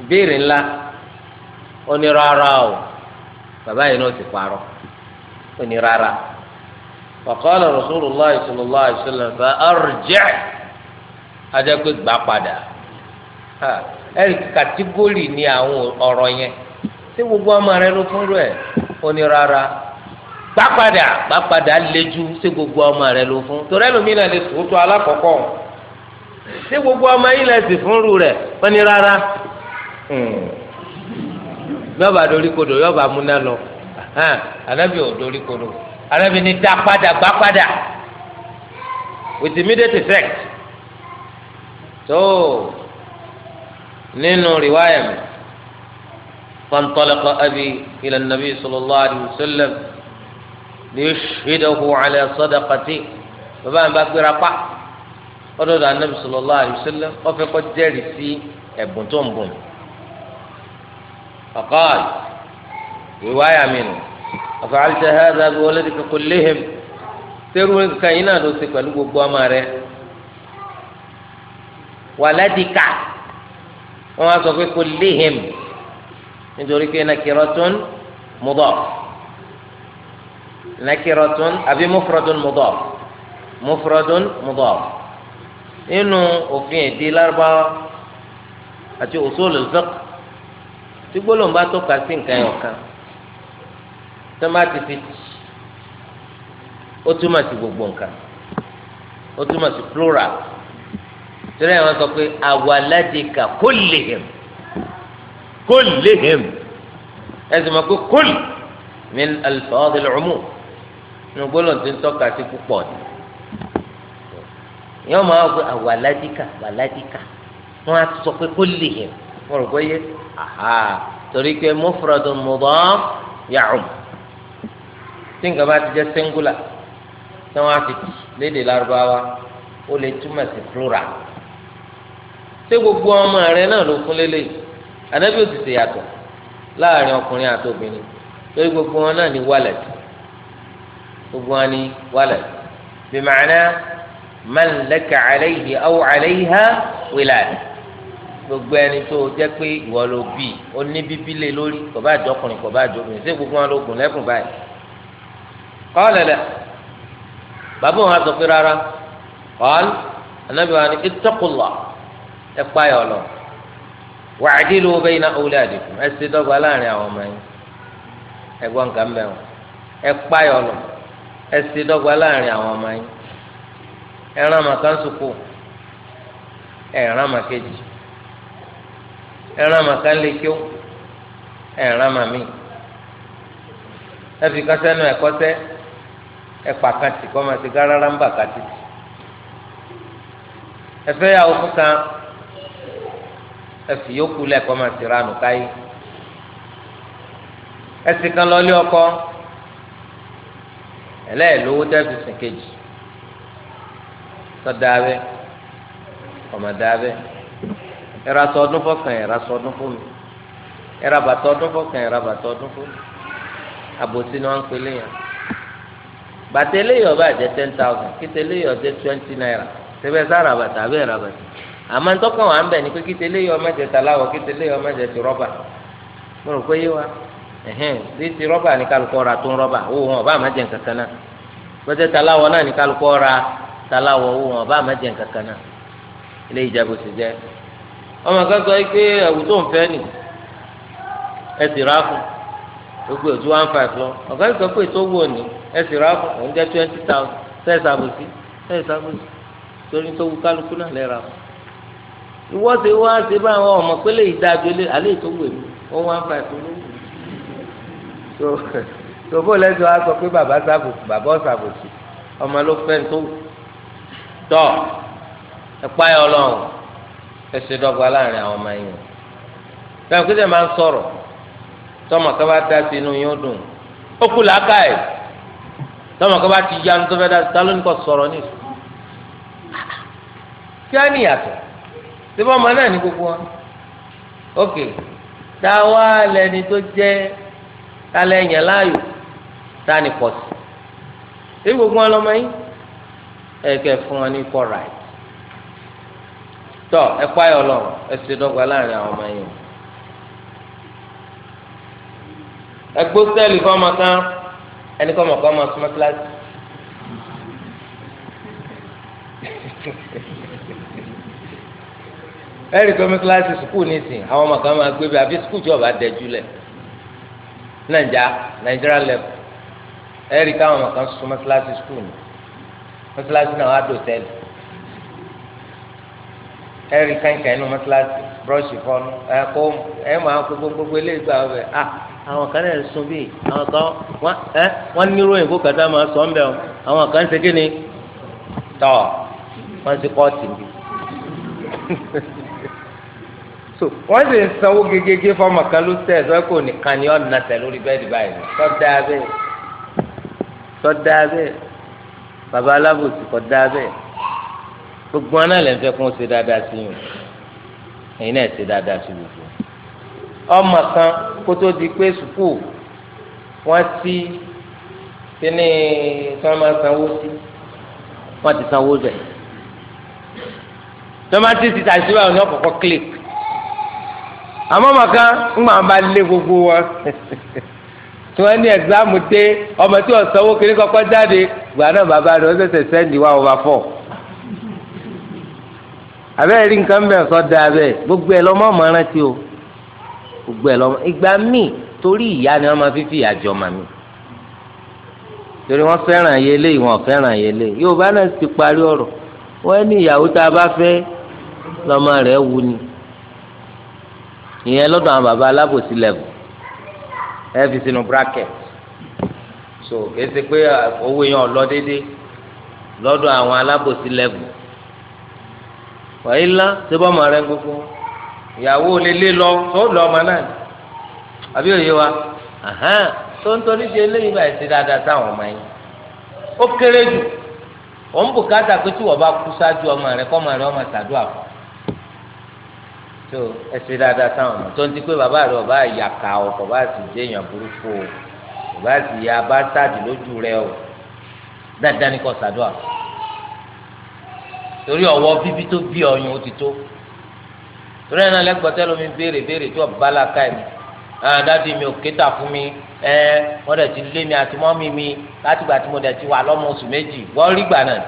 S1: béèrè ńlá ó ní o bàbá yìí náà ti parọ́ ó ní rárá faqala rasulullah sallallahu alaihi wasallam fa arji' adẹ́gbẹ́ gbà padà ẹ̀rí kàtígórì ni àwọn ọ̀rọ̀ yẹn tí gbogbo ọmọ rẹ ló fúnru ẹ̀ ó gbàpadà gbàpadà lẹ́jú sí gbogbo ọmọ rẹ ló fún torí ẹlòmíì náà lè sòótọ́ alákọ̀ọ́kọ́ sí gbogbo ọmọ yìí lè fún rú rẹ wọ́n rárá yọba hmm. dorí kodò yọba múná lọ anabi ò dorí kodò anabi ní dá padà with immediate effect tó nínú rìwáyà mi fantalaqa abi ila nabi sallallahu alayhi liyashhidahu ala sadaqati bàbá mi bá gbéra pa ọdọọdọ anabi sallallahu alaihi wasallam ọfẹ kọ jẹ́rìí sí ẹbùn tó ń bùn ọkọọl riwaya mi nù af'alta hadha biwaladika kullihim sẹrù nǹkan yìí náà ló ṣe pẹ̀lú gbogbo ọmọ rẹ̀ waladika wọn wá sọ pé kullihim nítorí pé nakratun mudaf nakiratun àbí mufradun mudaf mufradun mudaf nínú òfin èdè lárúbáwá àti usulul fiqh tí gbólóhùn bá tọ́ka sí nǹkan ẹ̀ ọ̀kan tó má ti fi ó túmọ̀ sí gbogbo nǹkan ó túmọ̀ sí plural tẹ́lẹ̀ wọn sọ pé awaladika kullihim kullihim ẹ̀sìn mọ̀ pé kólì min alfaadil umum inú gbólóhùn tí ń tọ́ka sí púpọ̀ ni yọ́n máa wọ àwàládìkà ah, wàládìkà wọ́n á sọ pé kó lè yẹn wọ́n rò bóyá aha torí pé mufradun mudaf ya'um tí nǹkan bá ti jẹ́ singular tí wọ́n á fi tì léde lárúbáwá ó lè túmọ̀ sí plural ṣé gbogbo ọmọ rẹ náà ló fún lélẹ̀ ànábì òtítì yàtọ̀ láàrin ọkùnrin àti obìnrin torí gbogbo wọn náà ní walad gbogbo wọn ní walad bí màánà man laka alayhi aw alayha wilad gbogbo ẹni tó jẹ pé ìwọ ló bí ó ní bíbí lé lórí kò bá jọkùnrin kò bá jọkùnrin ṣé gbogbo wọn ló gùn lẹ́kùn báyìí qala bàbá wọn sọ pé rárá qala anabi wa ni ittaqullah ẹ pààyà ọlọ wa'dilu bayna awladikum ẹ ṣe dọ́gba láàrin àwọn ọmọ yẹn ẹ̀gbọ́n nǹkan bẹ wọn ẹ páyọ lọ ẹ sì dọ́gba láàrin àwọn ọmọ yín ẹ rán ọmọ kan sùkú ẹ rán ọmọ kejì ẹ rán ọmọ kan lè kíó ẹ rán ọmọ mi ẹ fi kọsẹ̀ nù ẹ̀kọ́ sẹ́ ẹ pàkàtì kọ́ máa ti gárárá ń bà kàtì ẹ fẹ́ yàwó fún kan ẹ fi yókù lẹ̀ kọ́ máa ti ránù káyé ẹsìn kan lọ́lé ọkọ ẹlẹ́ẹ̀lówó tẹ́sí sìn kejì sọdá abẹ ọmọdé abẹ ẹ̀rọ aṣọ ọdún fọkàn ẹ̀rọ aṣọ ọdún fún mi ẹ̀rọ àbàtọ ọdún fọkàn ẹ̀rọ àbàtọ ọdún fún mi àbòsí ni wọ́n ń pelé yẹn bàtà eléyìí ọba jẹ ten thousand kíta eléyìí ọjẹ twenty naira tẹbẹ sára bàtà abẹ ẹ̀rọ àbàtà àmọ́ ntọ́kàn wà ń bẹ̀ ni pé kíta eléyìí ọmọ jẹ tàláwọ̀ kíta eléyìí ọmọ jẹ ti rọ́bà mo rò pé yé wa. bí rọ́bà ní kálukọ́ ra tó ń rọ́bà ọba àmàjẹ nkankan náà bọ́tẹ́ taláwọ náà ní kálukọ́ ra taláwọ ọba àmàjẹ nkankan náà ilé ìjẹ́bù sì jẹ́ ọmọ kan sọ pé ẹ̀wù tó ń fẹ́ nì ẹ sì rà fún gbogbo ètò one five lọ ọ̀gá ìsọ pé tó wò ní ẹ sì rà fún òun jẹ́ twenty thousand torí tó kálukú náà lẹ́ra fún ìwọ́sẹ̀ wá sí báwọn ọmọ tó tó bó lẹ́sìn wa sọ pé bàbá sàbòsì bàbá sàbòsì ọmọ ló fẹ́ tó tọ̀ ẹ̀pá ẹ̀ ọlọ́run ẹ̀ṣẹ̀ dọ́gba láàrin àwọn ọmọ yìí bẹ́ẹ̀ kí sẹ́ẹ̀ máa ń sọ̀rọ̀ tọmọ kaba dá sí inú yóò dùn ó kú làákà ẹ̀ tọmọ kaba ti yá ní tó fẹ́ dá sí ta ló kò sọ̀rọ̀ ní ìsú kí á ní ìyàtọ̀ síbí ọmọ náà ní gbogbo wọn ok táwa lẹni tó jẹ́ kálẹ̀ ẹ̀yàn láàyò tani pọ̀ sí ṣé gbogbo wọn lọ́mọ yín ẹ̀kẹ́ fún wọn ní kọ́ right tọ́ ẹ páyọ̀ lọ ẹ ṣe dọ́gba láàrin àwọn ọmọ yín ẹ gbó sẹ́ẹ̀lì fún ọmọ kan ẹni kọ́ ọmọ kan ọmọ súnmọ́ kíláàsì. ẹ̀rí kọ́mí kíláàsì sùkúù nísìnyí àwọn ọmọ kan máa gbé bí àbí sùkúù tí ọba dẹjú lẹ̀ nàìjà nàìjíríà level ẹ̀rí káwọn ọmọ kan sún mọ́sálásí skul ni mọ́sálásí náà wàá dòtẹ́lì ẹ̀rí kankan inú mọ́sálásí búrọ́ọ̀ṣì fọ́nù ẹ̀kọ́ ẹ̀ máa kó gbogbo eléyìí gbà wẹ̀ à àwọn kan náà sún bíi àwọn kan wọ́n ẹ́ wọ́n nírò òyìnbó kàtà máa sọ ń bẹ̀ ọ́ àwọn kan ṣe kí ni tọ́ wọ́n ṣe kọ́ọ̀tì bíi. so wọ́n sì ń sanwó gegege fọmọ kan ló tẹ̀ sọ kò nìkan ni ọ̀nà tẹ̀ lórí bẹ́ẹ̀dì báyìí sọ́dá bẹ́ẹ̀ sọ́dá bẹ́ẹ̀ baba alábòsí kọ́ dá bẹ́ẹ̀ gbogbo wọn náà lè fẹ́ kó ṣe dáadáa sí yìí ẹ̀yin náà ṣe dáadáa sí gbogbo ọmọ kan kó tó di pé sùkúù wọ́n ti kíní tí wọ́n máa sanwó sí wọ́n ti sanwó bẹ́ẹ̀ tọ́mátì ti tà síbáà ní ọ̀kọ̀ọ̀kọ̀ kílíkì àmọ́ màkà ńgbà bá lé gbogbo wọn tí wọ́n ní ẹ̀gbáàmù dé ọmọ tí wọ́n sanwó kiri kọ́kọ́ jáde gbà náà bàbá rẹ̀ ó ṣẹ̀ṣẹ̀ sẹ́ndì wá ọba fọ́ abẹ́rẹ́ rí nǹkan bẹ́ẹ̀ sọ da abẹ́ gbogbo ẹ̀ lọ́mọ ọmọ rántí o gbogbo ẹ̀ lọ́mọ ìgbà míì torí ìyá ni wọ́n máa fi fi àjọ màmí torí wọ́n fẹ́ràn ayé lé ìwọ̀n fẹ́ràn ayé lé Yorùbá náà ti parí ọ̀rọ̀ wọ́n ní ìyàwó tá a bá fẹ́ lọ́mọ rẹ̀ wù ni ìyẹn lọ́dọ̀ àwọn baba alábòsí lẹ́bù ẹ fi sínú bracket so kìí ṣe pé owó yẹn ọ̀lọ́ déédéé lọ́dọ̀ àwọn alábòsí lẹ́bù wàyí ńlá ṣé bọ́ ọmọ rẹ gbogbo ìyàwó lélẹ́ lọ tó lọ ọmọ náà àbí òye wa tó ń torí di eléyìí báyìí ṣe dáadáa sáwọn ọmọ yẹn ó kéré jù òun bùkátà pé tí wọ́n bá kú ṣáájú ọmọ rẹ kọ́ ọmọ rẹ ọmọ ṣàdúrà fún tó ẹsẹ dáadáa táwọn ọmọ tó ń ti pé bàbá rẹ ọba àyàkà ọ bá sì jẹ èèyàn burúkú o kò bá sì ya bátáàdì lójú rẹ o dáadáa ní kò sàdúà torí ọwọ́ bíbí tó bí ọyún ó ti tó torí ẹ̀ náà lẹ́gbọ̀tẹ́ lómi béèrè béèrè tó ọba làkà ẹ̀ ah, dáàdi mi ò kéta fún mi ẹ wọ́n dẹ̀ ti lé mi àti mọ́mí mi látìgbà tí mo dẹ̀ ti wà lọ́mọ oṣù méjì wọ́n rí gbà náà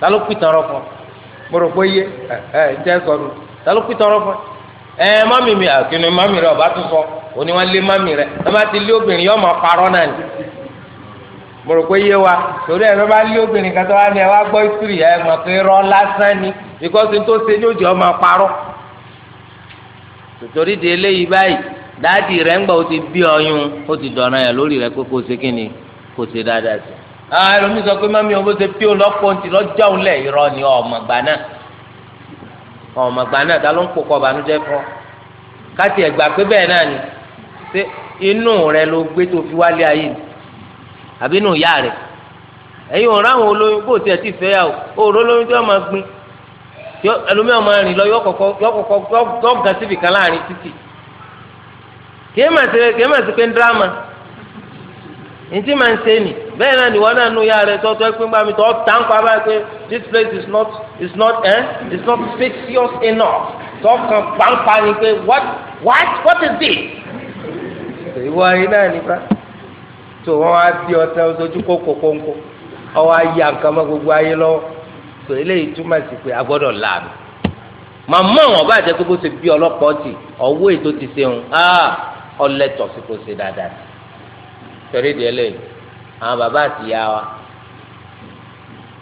S1: ta ló pìtàn rọ fún ọ. mo iye pé yé ẹ ẹ ń tẹ́ sọnù ta ló tọrọ fún ẹ ẹ mami mi àkínú mami rẹ ọba tún sọ mami rẹ ẹ bá ti lé obìnrin máa parọ́ náà ni wa torí ẹ bá lé obìnrin kan tó wá ní ẹ wá gbọ́ ẹ mọ̀ pé rọ́ lásán ni tó ṣe ní ọ máa parọ́ tòtòrí di eléyìí báyìí dáàdi rẹ ń gbà ó ti bí ọyún ó ti lórí rẹ pé o ṣe Ah, ẹlòmíì sọ pé mami ọmọ ṣe pé ọlọ́pọ̀ ntì lọ́jọ́ òun lẹ̀ irọ́ ni ọ̀mọ̀gbà náà ọ̀mọ̀gbà náà ta ló ń kókọ ọ̀bànújẹ́ fọ́ káti ẹ̀gbà pé bẹ́ẹ̀ náà ni ṣé inú rẹ ló gbé tó fi wálé ayé ni àbí inú ìyá rẹ ẹ̀yin ò ráwọn olóyún kó o tiẹ̀ ti fẹ́ yà o òòró lóyún tí wọ́n máa gbin ẹlòmíì ọmọ rìn lọ yọ kọ̀ọ̀kọ̀ yọ gàn síbìkan láàrin títì kì í mà sí pé ń dírámà ntí máa ń ṣe ni bẹ́ẹ̀ náà ni wọ́n náà nu ya rẹ̀ tọ́tọ́ pé gbàmí tọ́ tán pa báyìí pé this place is not is not eh is not spacious enough tọ́ kan pàǹpà ni pé what what what is this. ìwọ ayé náà nípa tó wọn wá bí ọtá ojú kókó kónkó ọwọ́ ayé àǹkàmọ́ gbogbo ayé lọ́wọ́ tó eléyìí túmọ̀ sí pé a gbọ́dọ̀ láàmì màmá wọn bá jẹ́ pé kó ṣe bí ọlọ́pàá ọtí ọwọ́ ètò ti Ah, ọlẹ́tọ̀ sí kó ṣe dáadáa torí ìdí ẹlẹ́yìn àwọn bàbá àtìyá wa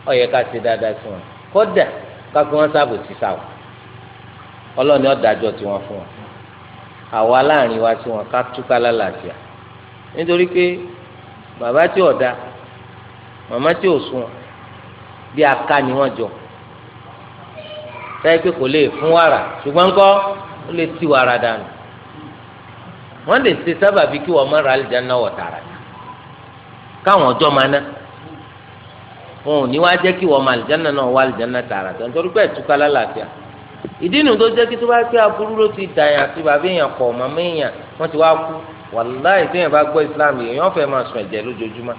S1: ó yẹ ká ṣe dáadáa sí wọn kódà ká fi wọn sáàbò sí sáwọ ọlọ́ọ̀ni ọ̀dàjọ́ tiwọn fún wọn àwa láàrin wa sí wọn ká túká lálàáfíà nítorí pé bàbá tí ò da màmá tí ò sùn bí aká ni wọ́n jọ sáyé pé kò lè fún wàrà ṣùgbọ́n kọ́ ó lè ti wàrà dànù wọ́n lè ṣe sábàbí kí wọ́n má ra àlìjáná wọ̀ tààrà ni káwọn ọjọ́ máa ná wọn ò ní wá jẹ́ kí wọ́n máa àlìjáná náà wá àlìjáná tààrà tó nítorí pé ẹ̀túká lálàáfíà ìdí nu tó jẹ́ kí tó bá pé aburú ló ti dàyàn àti bàbá èèyàn pọ̀ màmá èèyàn wọ́n ti wá kú wàláì téèyàn bá gbọ́ Islam èèyàn fẹ́ máa sùn ẹ̀jẹ̀ lójoojúmọ́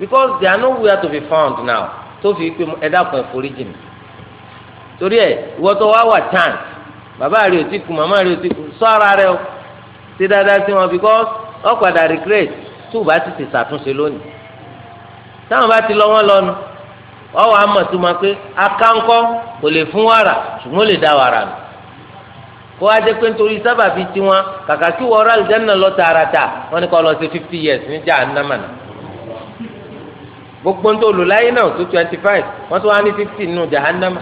S1: because they are nowhere to be found now tó fi pé ẹ dákun ẹ foríjì mi torí ẹ ìwọ tó wá wà chance bàbá rẹ ò ti kú màmá rẹ ò ti kú sọ ara rẹ o ti dáadáa sí wọn because ọ padà recreate tó o bá ti ti ṣàtúnṣe lónìí táwọn bá ti lọ wọn lọnu ọwọ amọtuma pé akáńkọ kò lè fún wàrà ṣùgbọ́n ó lè dá wàrà nù kó wá jẹ pé nítorí sábàbí tiwọn kàkà kí wọ́n rà àlùjánnà lọ tààràtà wọ́n ní kó lọ sí fifty years ní jahannama náà gbogbo ń tó lò láyé náà tó twenty five wọ́n tún wá ní fifty nù jahannama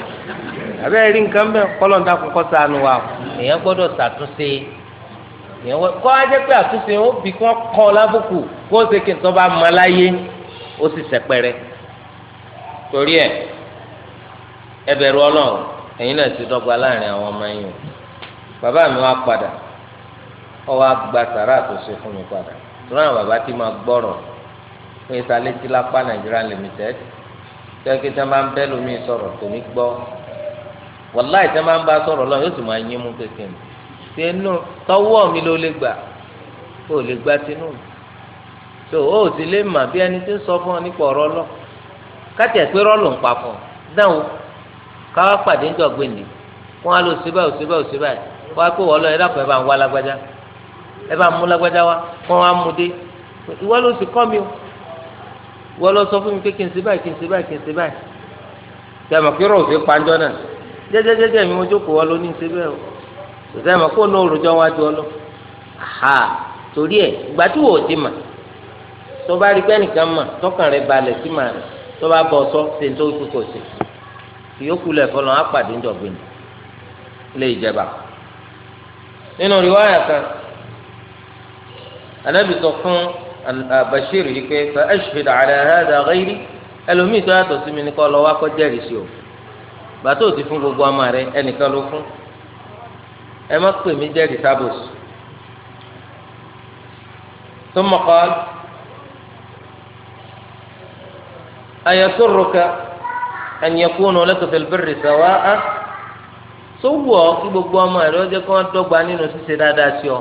S1: àbẹ́rẹ́ rí nǹkan bẹ́ẹ̀ kọ́lọ́ńdà kò kọ́ sànù wa èèyàn gbọ́dọ̀ ṣàtúnṣe yẹn wọ kọ́ ajẹ́ pé àtúnṣe ó bì kí kọ́ lábùkù kó o ṣe kí n tọ́ bá láyé ó sì sẹ́pẹ̀rẹ́ torí ẹ bẹ̀rù ọlọ́run ẹ̀yin náà ti dọ́gba láàrin àwọn ọmọ yìí o bàbá mi wá padà ọ wá gba sàrà fún mi padà tó náà bàbá ti máa gbọ́rọ̀ lápá nàìjíríà limited tẹ́kí ń bẹ́ lómi sọ̀rọ̀ gbọ́ wàláì ń bá sọ̀rọ̀ tinú tọwọ́ mi ló lè gbà ó lè gba tinú so ó sì lè mà bí ẹni tí ń sọ fún ọ nípa ọ̀rọ̀ lọ káàtì ẹ̀ pé rọ́ọ̀lù ń pa fún ọ dáhùn káwá pàdé ń jọ̀gbìn ni wọ́n á lọ sí báyìí sí báyìí sí báyìí wọ́n á pè wọ́n lọ ẹ dákun ẹ bá ń wá lágbájá ẹ bá ń mú lágbájá wá wọ́n á mú dé ìwọ ló sì kọ́ mi o ìwọ ló sọ fún mi pé kí n sí báyìí kí n sí báyìí kí n sí báyìí tẹ̀mọ̀ kí rò fi panjọ́ náà jẹ́jẹ́jẹ́jẹ́ mi mo jókòó wọ́n ló ní í o sọsẹ ma kó ní òrùjọ wájú ọ lọ aha torí ẹ ìgbà tí wò ó ti mà tó bá rí pẹ́nìkan mà tọkàn rẹ balẹ̀ sí mà rẹ tó bá bọ̀ sọ ṣe tó kú kò sí ìyókù lẹ̀ fọlọ́ á pàdé ńdọ̀gbìn lè jẹba nínú riwaya kan anabi sọ fún Bashir yìí pé fa ashhid ala hada ghairi ẹlòmíì tó yàtọ̀ sí mi ní kọ́ lọ́wọ́ akọ́jẹ́rìí sí o gbàtó ti fún gbogbo ọmọ rẹ ẹnìkan ló fún ẹ má pè mí jẹ́rìí sábòsì tó mọ̀kọ́ ayẹ̀sọ̀rọ̀kà ẹ̀yẹ̀kúnnù lẹ́kọ̀tẹ̀lẹ̀ bẹ̀rẹ̀ sàwá á tó wù ọ́ kí gbogbo ọmọ rẹ ó jẹ́ kí wọ́n dọ́gba nínú ṣíṣe dáadáa sí ọ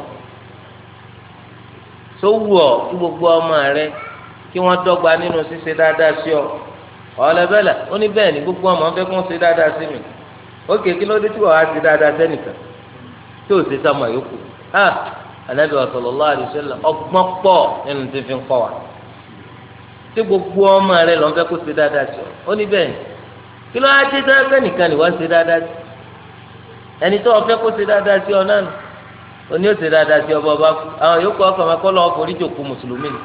S1: tó wù ọ́ kí gbogbo ọmọ rẹ kí wọ́n dọ́gba nínú ṣíṣe dáadáa sí ọ ọ̀lẹ́bẹ̀lẹ̀ ó ní bẹ́ẹ̀ ni gbogbo ọmọ fẹ́ kó ṣe dáadáa sí mi ó kéèké ló dé tí wọ́n á ṣe dáadáa sẹ́nìkan tí ò sí sáwọn yòókù hàn anabi sallallahu alaihi wasallam ọgbọ́n pọ̀ nínú tí fi ń kọ́ wa tí gbogbo ọmọ rẹ lọ́n fẹ́ kó ṣe dáadáa sí ó ní bẹ́ẹ̀ ni kí ló á dé dáadáa nìkan ni wọ́n ṣe dáadáa sí ẹni tó ọfẹ́ kó ṣe dáadáa sí ọ náà nù oní ó ṣe dáadáa sí ọba ọba kú àwọn yòókù ọkọ̀ máa kọ́ lọ́wọ́ forí jòkó mùsùlùmí ni.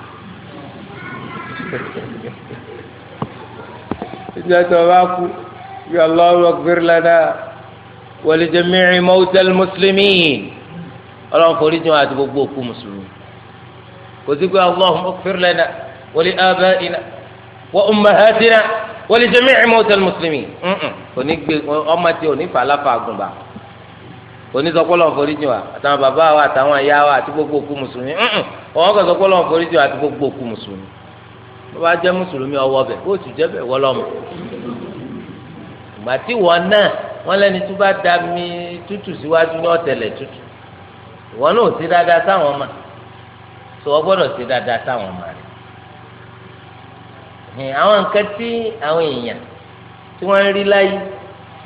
S1: ìjọba kú yọ lọ́wọ́ gbérí ládàá wẹlẹdẹmìrì mọtẹl mùsùlùmí Ọlọ́run forí jìn àti gbogbo òkú mùsùlùmí kò sí pé Allahumma ighfir lana wali abaina wa ummahatina wẹlẹdẹmìrì mọtẹl mùsùlùmí òní gbé ọmọ tí òní fà láfa àgùnbà òní sọ pé Ọlọ́run forí jìn wa àtàwọn bàbá wa àtàwọn ìyá wa àti gbogbo òkú mùsùlùmí ọwọ́n kan sọ pé Ọlọ́run forí jìn wa àti gbogbo òkú mùsùlùmí bàbá jẹ́ mùsùlùmí ọwọ́ bẹ̀ ó sì jẹ́ bẹ̀ wọ́lọ́mù ìgbà tí wọ́n náà wọ́n lẹ́ni tó bá da mi tútù síwájú ní ọ̀tẹ̀lẹ̀ tútù ìwọ náà ò sí dáadáa sáwọn ọmọ tó wọ́n gbọ́dọ̀ sí dáadáa sáwọn ọmọ rẹ̀ àwọn nǹkan tí àwọn èèyàn tí wọ́n ń rí láyé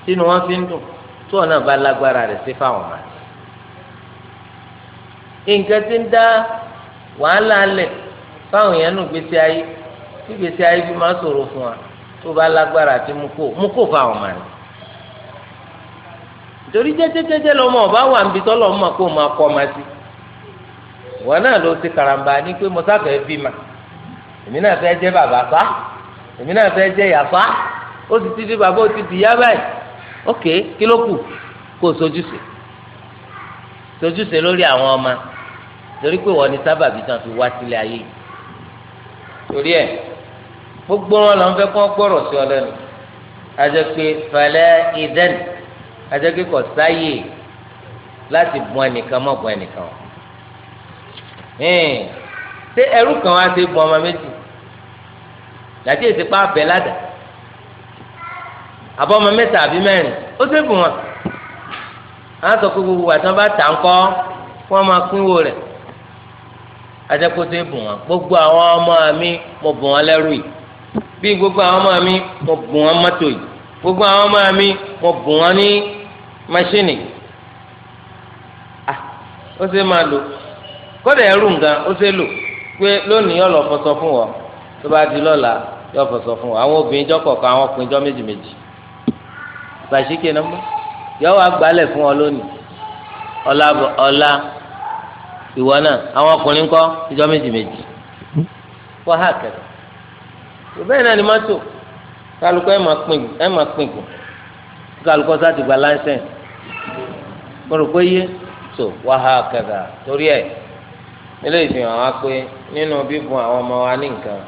S1: sínú wọn fi ń dùn tó ọ̀nà bá lágbára rẹ̀ sí fáwọn ọmọ rẹ̀ nǹkan tí ń dá wàhálà lẹ̀ fáwọn èèyàn nù gbèsè ayé tí gbèsè ayé fi máa ṣòro fún wa tó bá lágbára àti mú kó mú kó fáwọn ọmọ rẹ̀ torí jẹ́jẹ́jẹ́jẹ́ lọ́mọ ọba wà níbi tọ́lọ̀ ọmọ kó máa kọ́ ọmọ sí ìwọ náà ló ti karamba ní pé mo bí ma èmi náà fẹ́ jẹ́ bàbá fa èmi náà fẹ́ jẹ́ yàfa ó ti ti di bàbá ó ti di yá báyìí ok kí ló kù kó o sojúṣe sojúṣe lórí àwọn ọmọ torí pé wọ́n ní sábàbí tán fi wá sílé ayé torí ẹ̀ gbogbo wọn làwọn fẹ́ kó wọn gbọ́rọ̀ sí ọ lẹ́nu àjẹpé fẹlẹ́ ìdẹ́nu ajẹ́ kíkọ̀ sáyè láti bu ẹnìkan mọ̀ bu ẹnìkan ṣé ẹrú kan wá sí bu ọmọ méjì dàtí èsì pa abẹ ládàá àbọ̀ ọmọ mẹ́ta àbí mẹ́rin ó sì bù wọn á sọ pé gbogbo àti wọn bá tà ń kọ́ kí wọ́n máa rẹ̀ ajẹ́ sì bù wọn gbogbo àwọn ọmọ mi mo bù wọn lẹ́rú yìí bí gbogbo àwọn ọmọ mi mo bù wọn mọ́tò yìí gbogbo àwọn ọmọ mi mo bù wọn ní mashini ah o ṣe máa lò kódà ẹrù nǹkan ó ṣe lò pé lónìí yọ lọ fọṣọ fún wọn tó bá di lọ́la yọ fọṣọ fún wọn àwọn obìnrin jọ kọ̀ọ̀kan àwọn ọkùnrin jọ méjì méjì gbàṣíkè nọmọ yọ wá gbálẹ̀ fún wọn lónìí ọlá ọlá ìwọ náà àwọn ọkùnrin kọ ìjọ méjì méjì wọ́n hà kẹ̀kẹ́ bẹ́ẹ̀ náà ni mọ́tò kálukọ́ ẹ̀ máa pín gùn kálukọ́ sá ti gba láńsẹ̀nsì mo rò pé yé so wàhà kẹta torí ẹ eléyìí fi pé nínú bíbùn àwọn ọmọ wa ní nǹkan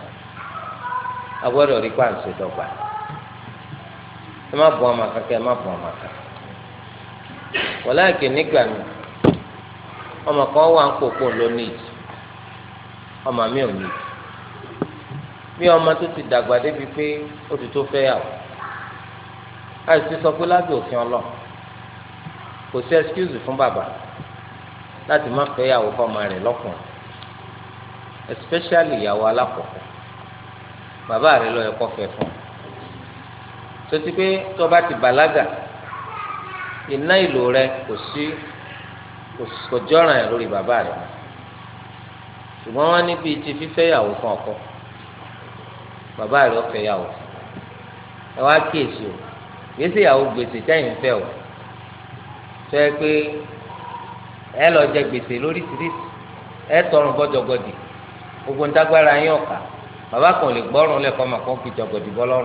S1: a rí pàǹsẹ dọ́gba ẹ má bọ ọmọ kankan ẹ má bọ ọmọ kankan wọlé àìkè nígbà mi ọmọ kan wà ń kókó ló ní ọmọ mi ò ní bí ọmọ tó ti dàgbà débi pé ó ti tó fẹ́ yà àìsí sọ pé lábẹ́ kò sí ẹsikúùsì fún bàbá láti má fẹ́ ìyàwó fọmọ rẹ̀ lọ́kùnrin especially ìyàwó alákọ̀ọ́kọ́ bàbá rẹ̀ ló yẹ kó fẹ́ fún tó ti pé tó bá ti bàlágà iná ìlò rẹ̀ kò sí kò jọ́ràn ẹ̀ lórí bàbá rẹ̀ ṣùgbọ́n wọ́n níbi ti fífẹ́ ìyàwó fún ọkọ bàbá rẹ̀ ó fẹ́ ìyàwó ẹ wá kíyèsí o gbèsè ìyàwó gbèsè tẹ́yìn fẹ́ o. tẹ́ pé ẹ lọ jẹ gbèsè lóríṣiríṣi ẹ tọrùn gbọdọgbọdì gbogbo dagbara yín ọ̀ka bàbá kan lè gbọrọ lẹ́kọ̀ọ́ mà kàn fi jọgọdì bọ́ yọọ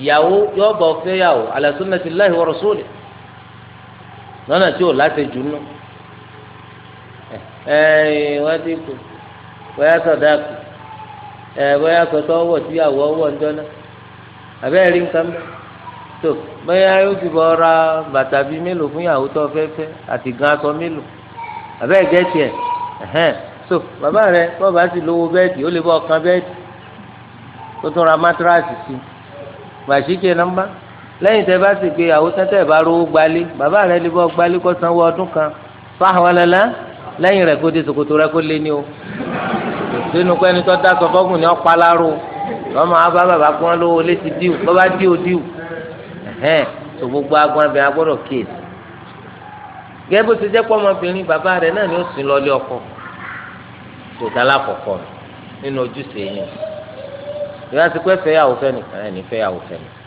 S1: ìyàwó yóò bọ̀ fẹ́ yàwó ala sunnatillahi wa tí ò láti jù nù. ti kù bóyá tó bóyá yóò fi bọ́ ra bàtà bíi mélòó fún ìyàwó tó fẹ́ fẹ́ àti gan aṣọ mélòó àbẹ́ ẹ̀gẹ́ tiẹ̀ ẹ̀hẹ́n so bàbá rẹ bọ́ọ̀bá sì lówó bẹ́ẹ̀dì ó lè bọ́ ọ̀kan bẹ́ẹ̀dì tó tún ra mátíráàsì sí gbàṣíkè nọ́mbà lẹ́yìn tẹ́ bá sì gbé ìyàwó tẹ́tẹ́ bá rówó gbalé bàbá rẹ lè bọ́ gbalé kó sanwó ọdún kan fáwọn ọlẹ́lá lẹ́yìn rẹ̀ kó dé ṣòkòtò rẹ̀ kó lé ẹ̀hẹ́n tó gbogbo agbọn abẹ agbọ́dọ̀ kéèsì gẹ́gẹ́ bó ti jẹ́ pọ́ ọmọbìnrin bàbá rẹ̀ náà ni ó sin lọ́lé ọkọ tó dálá kọ̀kọ́ nínú ojúṣe yẹn ìyá ti pẹ́ fẹ́yàwó fẹ́ nìkan ẹ̀ ní fẹ́yàwó fẹ́ nìkan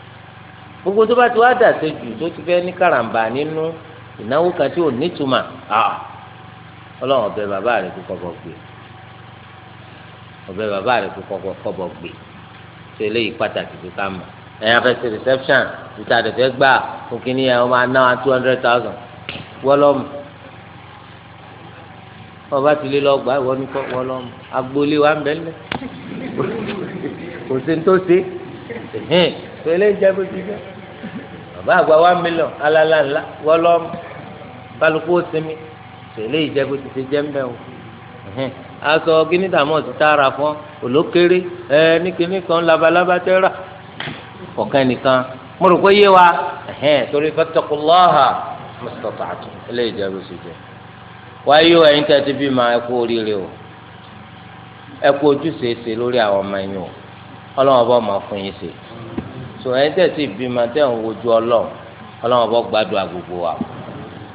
S1: gbogbo tó bá ti wá dà sí jù tó ti fẹ́ ní kàràǹbà nínú ìnáwó kan tí ò nítumà ọlọ́run ọ̀bẹ bàbá rẹ̀ kó kọ́kọ́ gbé ọ̀bẹ bàbá rẹ̀ kó kọ́kọ́ gbé tó eléyìí pàtàkì tó ká mọ̀ ẹ̀yin afẹ́sẹ̀ reception ìta àdẹ̀fẹ́ gbà fún kínní yẹn wọ́n máa ná wa two hundred thousand wọ́lọ́mù ọba ti lé lọ́gbà ìwọ ní kọ́ wọ́lọ́mù agboolé wa ń bẹ̀ lẹ̀ kò sí ní tó ṣe ẹ̀hìn pẹ̀lẹ́ jẹ́ bó ti jẹ́ bàbá àgbà one million alala ńlá wọ́lọ́mù kálukú ó sinmi pẹ̀lẹ́ ìjẹ́ bó ti ṣe jẹ́ ń bẹ̀ o aṣọ gínídàmọ́ ti tààrà fún olókèrè ẹ ní kíní kan labalábá tẹ́ rà kọ̀ọ̀kan nìkan mo rò pé yé wa ẹ̀hẹ́n torí fattaqullaha mastata'tum eléyìí jẹ́ bó ṣe jẹ́ wáyé o ẹ̀yin bí ma ẹ oríire o ẹ ojúṣe ṣe lórí àwọn ọmọ yín o ọlọ́wọ́n bọ́ fún yín ṣe so ẹ̀yin tẹ́ bí ma tẹ́ ń wojú ọlọ́run ọlọ́wọ́n bọ́ gbádùn wa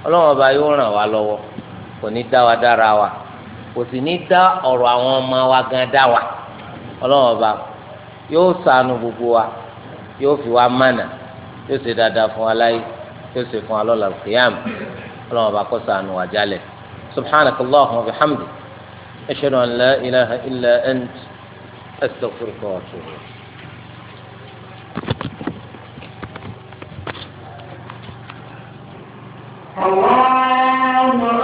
S1: ọlọ́wọ́n bá yóò ràn wá lọ́wọ́ kò ní dá wa dára wa kò sì ní dá ọ̀rọ̀ àwọn ọmọ wa gan dá wa ọlọ́wọ́n bá yóò gbogbo wa. yóò fi wá mánà yóò ṣe dáadáa fún wa láyé yóò ṣe fún wa lọ́la kìyàm ọlọ́run ọba kó ṣàánú wa jálẹ̀ subhanak allahumma ashhadu an la ilaha illa ant astaghfiruka wa atubu
S3: ilayk.